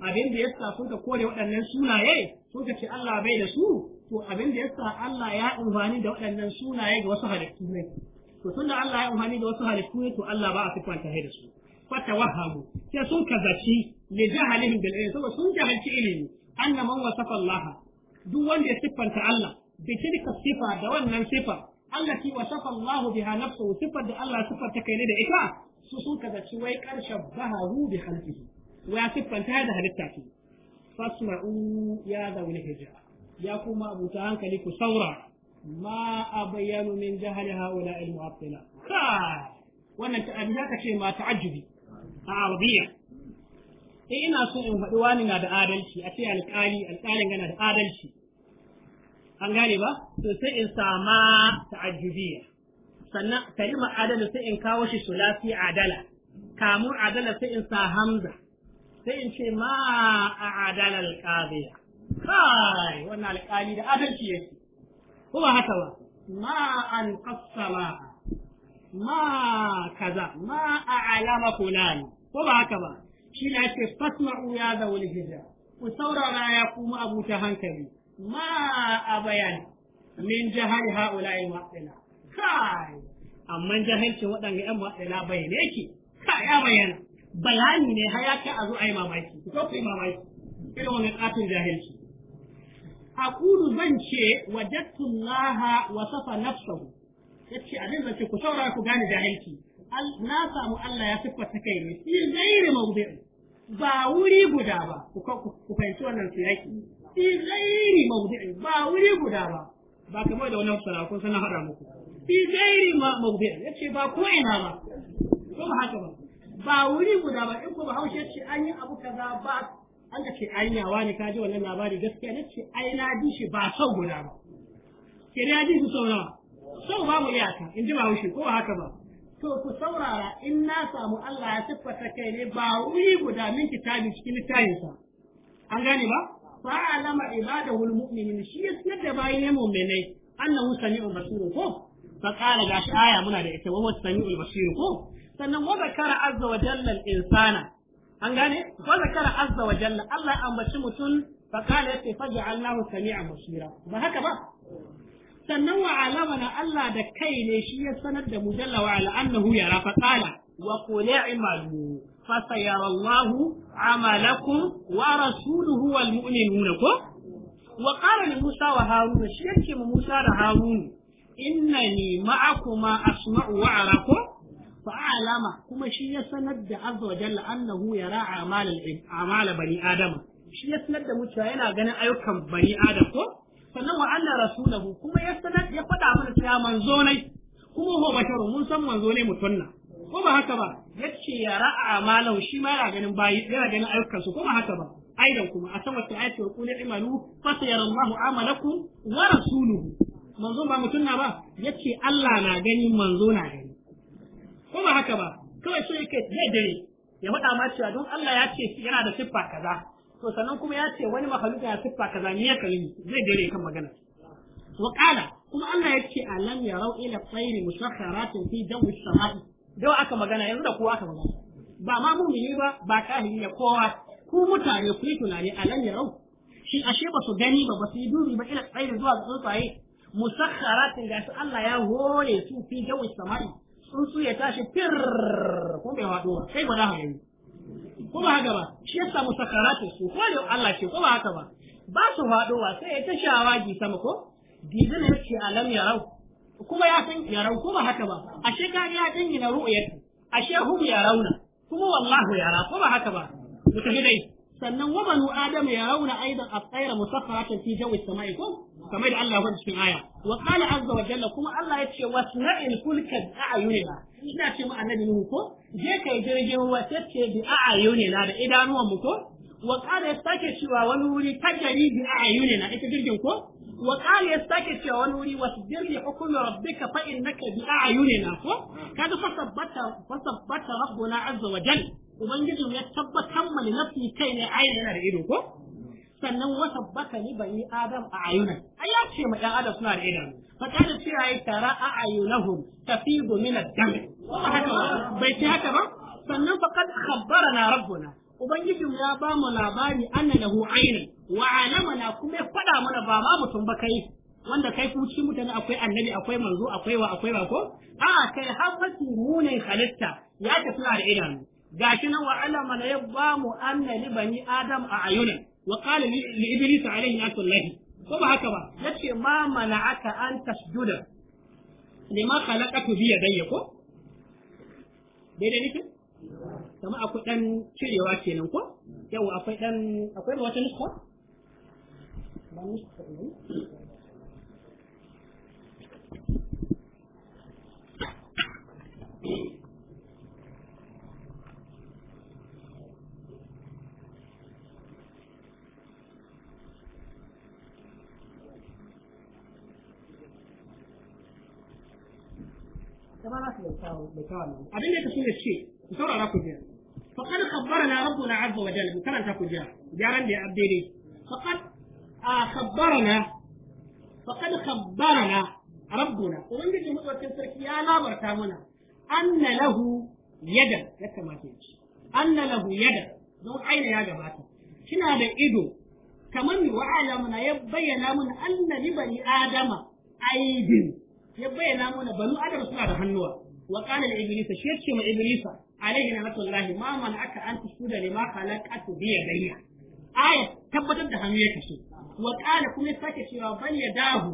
Speaker 1: abin da yasa sun ka kore waɗannan sunaye sun ka ce allah bai da su to abin da yasa allah ya umfani da waɗannan sunaye ga wasu halittu ne to tunda allah ya umfani da wasu halittu ne to allah ba a ta da su fatawahamu sai sun ka zaci li jahalihim bil ilmi saboda sun jahilci ilimi anna man wasafa allah duk wanda ya siffanta allah Bikin tilka sifa da wannan sifar allati wasafa Allahu biha nafsuhu sifar da Allah sifar ta kai ne da ita su sun kazaci wai karshen bahahu bi halqihi wa siffanta da halitta su fasma'u ya zaune hijra ya kuma abuta hankali ku saura ma abayanu min jahali haula al mu'attila wannan ta'abi zaka ce ma ta'ajjubi a arabiya eh ina so in faɗi ni na da adalci a ce alƙali alƙalin yana da adalci an gane ba to sai in sama ta'ajjubiya sannan kalima adala sai in kawo shi sulasi adala kamur adala sai in sa hamza sai in ce ma a adala alqadiya kai wannan alƙali da adalci yake kuma haka ba ma an qassama ma kaza ma a alama fulani ko ba haka ba shi ne ce fasma'u ya zawul hijra ku saurara ya kuma abuta hankali ma a bayani min jahari ha'ula'i mu'addila kai amma jahilcin waɗanda ƴan mu'addila bayyane yake kai ya bayyana bayani ne har ya kai a zo a yi mamaki ku ku yi mamaki irin wani ƙatin jahilci aqulu zan ce wajadtu Allah wasafa nafsahu yace abin zan ce ku saurara ku gane jahilci na samu Allah ya siffata kai ne shi gairi ba wuri guda ba ku fahimci wannan siraki fi ghairi mawdi'in ba wuri guda ba ba kamar da wannan ko sana hada muku fi ghairi mawdi'in yace ba ko ina ba ko ba haka ba ba wuri guda ba in ko ba haushe ce an yi abu kaza ba an ka ce an wani ne kaji wannan labari gaskiya na ce ai na ji shi ba sau guda ba ke da ji su sau nawa sau babu iyaka in ji ba haushe ko ba haka ba to ku saurara in na samu Allah ya siffata kai ne ba wuri guda min kitabi cikin littayinsa an gane ba fa'alama ibadahu almu'minin shi ya sanar da bayi ne mu'minai annahu sami'un basirun ko fa qala gashi aya muna da ita wa huwa sami'ul basir ko sannan wa zakara azza wa jalla al-insana an gane wa zakara azza wa jalla Allah ambaci mutum fa qala yace faj'alnahu sami'an basira ba haka ba sannan wa alamana Allah da kai ne shi ya sanar da mu jalla wa ala annahu yara fa qala wa qul ya'malu فسيرى الله عملكم ورسوله والمؤمنون وقال لموسى وهارون شيك موسى وهارون إنني معكما أسمع وأراكم فأعلم كما شي يسند عز وجل أنه يرى أعمال أعمال بني آدم شي يسند متشاينا غنى أيكم بني آدم sannan wa Allah rasulahu kuma ya sanar ya faɗa mana cewa manzo ne kuma ho basharu mun san manzo ne mutunna ko ba haka ba yace ya ra'a malau shi ma yana ganin bayi yana ganin ayyukan su ko ba haka ba aidan kuma a san wata ayatu ku ne imanu fa sayarallahu amalakum wa rasuluhu manzo ba mutun na ba yace Allah na gani manzo na gani ko ba haka ba kawai sai yake zai dare ya faɗa ma cewa don Allah ya ce yana da siffa kaza to sannan kuma ya ce wani makhluka ya siffa kaza ne ya kalli zai dare kan magana wa qala kuma Allah ya ce alam rau ila tsayri musakharatin fi dawi samai da aka magana yanzu da kowa aka magana ba ma mumini ba ba kahiri da kowa ku mutane ku yi tunani a nan yau shi ashe ba su gani ba ba su yi duri ba ina tsaye da zuwa ga tsuntsaye musakharatin ga su Allah ya hore su fi jawi samai tsuntsu ya tashi fir ko bai hado sai ba za gani ko ba haka ba shi yasa musakharatin su hore Allah ce ko ba haka ba ba su hadowa sai ya ta shawagi sama ko dizin ya ce alam ya yarau kuma ya san yarau kuma haka ba ashe ka ya dingina ru'yatu ashe ya rauna. kuma wallahu yara kuma haka ba mutafi dai sannan wa banu adam rauna aidan as-sayra musakharatan fi jawi as-sama'i ko kamar da Allah ya faɗa cikin aya wa qala azza wa jalla kuma Allah ya ce wasna'il fulka a'yunina ina ce mu annabi nuhu ko je kai jirgin ruwa tace bi a'yunina da idanuwan mu ko wa qala ya sake cewa wani wuri tajari bi a'yunina ita jirgin ko wa qala ya sake cewa wani wuri wasbir li hukmi rabbika fa innaka bi a'yunina ko kaga fa sabbata fa sabbata rabbuna azza wa jalla ya tabbatar mana nafsi kai ne ayin yana da ido ko sannan wa sabbata li bani adam a ayunan ai ya ce ma dan adam suna da idanu fa kada ce ai tara a ayunahum tafidu min ad-dam bai ce haka ba sannan fa kad khabbarana rabbuna ubangijin ya ba mu labari anna lahu aina wa alamana kuma ya faɗa mana ba ma mutum ba kai wanda kai ku ci mutane akwai annabi akwai manzo akwai wa akwai ba ko a kai har mafi munai halitta ya tafi na da idanu gashi nan wa alamana ya ba mu anna li bani adam a ayunan wa qala li iblis alayhi nasrullahi ko ba haka ba yace ma mana'aka an tasjuda lima khalaqatu bi yadayya ko daidai nake kama akwai dan cirewa kenan ko yau akwai ɗan akwai wata nuska abin da ce ku saurara ku jira faqad khabbarana rabbuna azza wa jalla mu ta ku jira gyaran da ya abdede faqad khabbarana faqad khabbarana rabbuna ubangiji mutuwacin sarki ya labarta mana anna lahu yada ya kamata ya ce anna lahu yada don aina ya gabata kina da ido kamar mi alamuna ya bayyana mana anna li bani adama aidin ya bayyana mana banu adama suna da hannuwa wa qala li iblisa shi yace ma iblisa alaihi rahmatullahi ma man aka an tushuda lima khalaqatu bi yadayya aya tabbatar da hannu ya kashe wa qala kuma ya sake cewa bal yadahu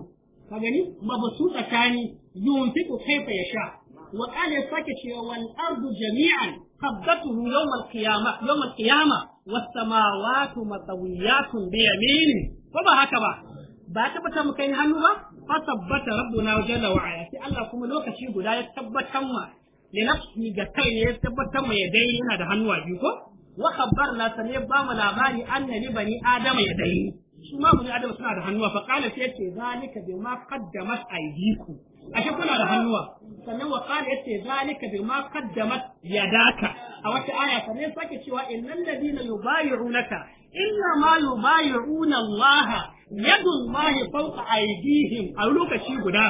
Speaker 1: ka gani mabasu tsakani yunfiqu kayfa yasha wa qala ya sake cewa wal ardu jami'an qabdatuhu yawm al qiyamah yawm al qiyamah was samawati matawiyatun bi yamini ko ba haka ba ba tabbatar mu kai hannu ba fa tabbata rabbuna jalla wa ala sai Allah kuma lokaci guda ya tabbatar ma li nafsi ga kai ne ya tabbatar mai dai yana da hannuwa biyu ko wa khabarna sane ba mu labari anna li bani adama ya dai su ma bani adama suna da hannuwa fa qala sai yace zalika bima qaddamat aydiku ashe kuna da hannuwa sannan wa qala yace zalika bima qaddamat yadaka a wata aya sannan cewa innal ladina yubayyi'unaka inna ma yubayyi'una Allah a lokaci guda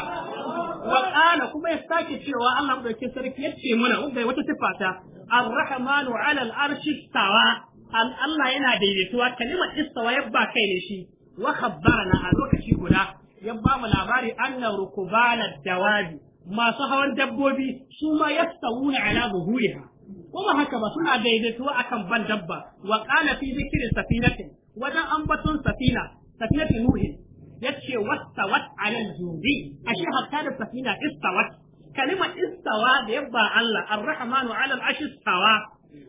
Speaker 1: wa kuma ya sake cewa Allah madaukakin sarki yace mana wanda wata sifa ta ar-rahmanu 'ala al-arshi istawa Allah yana daidaituwa kalimar istawa ya ba kai ne shi wa khabbarana a lokaci guda ya ba mu labari anna rukubana dawabi masu hawan dabbobi su ma yastawuna ala zuhuriha kuma haka ba suna daidaituwa akan ban dabba wa qala fi dhikri safinatin wajen ambaton safina safinatin nuhin yace wastawat alal judi ashe hatta da safina istawat kalimar istawa da yabba Allah ar-rahmanu alal arshi istawa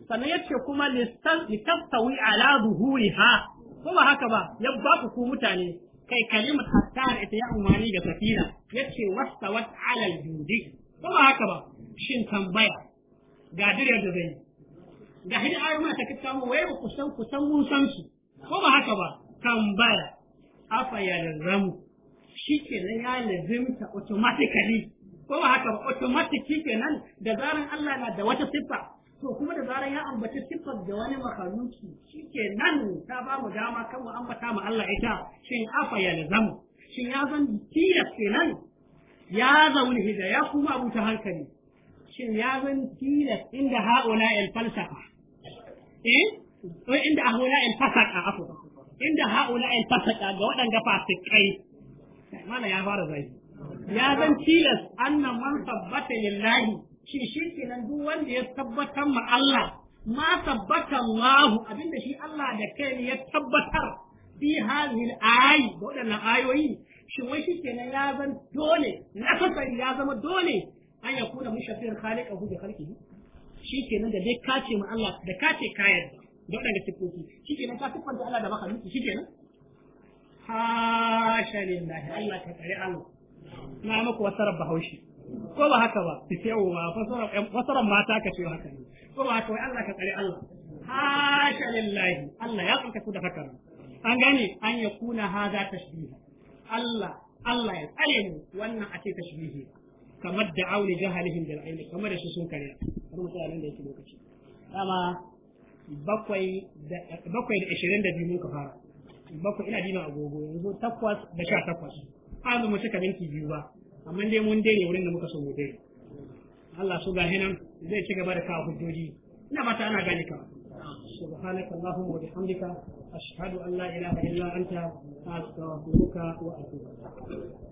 Speaker 1: sannan yace kuma listawi ala buhuriha ko ba haka ba yabba ku ku mutane kai kalima hatta ita ya umarni da fasina? yace wastawat alal judi ko ba haka ba shin tambaya ga dire da zai ga hidayar mana ta kitta mu wai ku san ku san mun san su ko ba haka ba tambaya afa yalzamu shi ke nan ya lazimta automatically ko ba haka ba automatic shi ke nan da zaran Allah na da wata siffa to kuma da zaran ya ambaci siffar da wani makaluki shi ke nan ta ba mu dama kan mu ambata mu Allah ita shin afa yalzamu shin ya zan tilas nan ya zaune hijira ya kuma abuta hankali shin ya zan tilas inda ha'ula el falsafa eh inda ha'ula el fasaka afuwa inda haula in fasaka ga waɗanda fasikai mana ya fara zai ya zan tilas annan man tabbata lillahi shi shi nan duk wanda ya tabbatar ma Allah ma tabbata Allah abinda shi Allah da kai ya tabbatar fi hadhihi al-ayi ga waɗannan ayoyi shin wai shi kenan ya zan dole na kasari ya zama dole an ya kuna mushaffir khaliqahu bi khalqihi shi kenan da dai kace ma Allah da kace kayar da waɗanda siffofi shi kenan ka siffanta Allah da makhluki shi hasha Allah tsare Allah na muku wasarar bahaushe ko ba haka ba fi ce wa fasarar mata ka ce haka ne ko ba haka wai Allah ka tsare Allah hasha lillahi Allah ya tsarkaku da haka an gane an ya kuna haza tashbiha Allah Allah ya tsare mu wannan a ce kamar da auli jahalihim bil ilmi kamar da su sun kare kamar mutanen da yake lokaci dama bakwai da ashirin da biyu muka fara bakwai ina dina agogo yanzu takwas da sha takwas azu mu cika minti biyu ba amma dai mun daina wurin da muka so mu daina Allah su ga hinan zai ci gaba da kawo hujjoji ina fata ana gane ka wa bihamdika ashhadu an la ilaha illa anta astaghfiruka wa atubu ilaik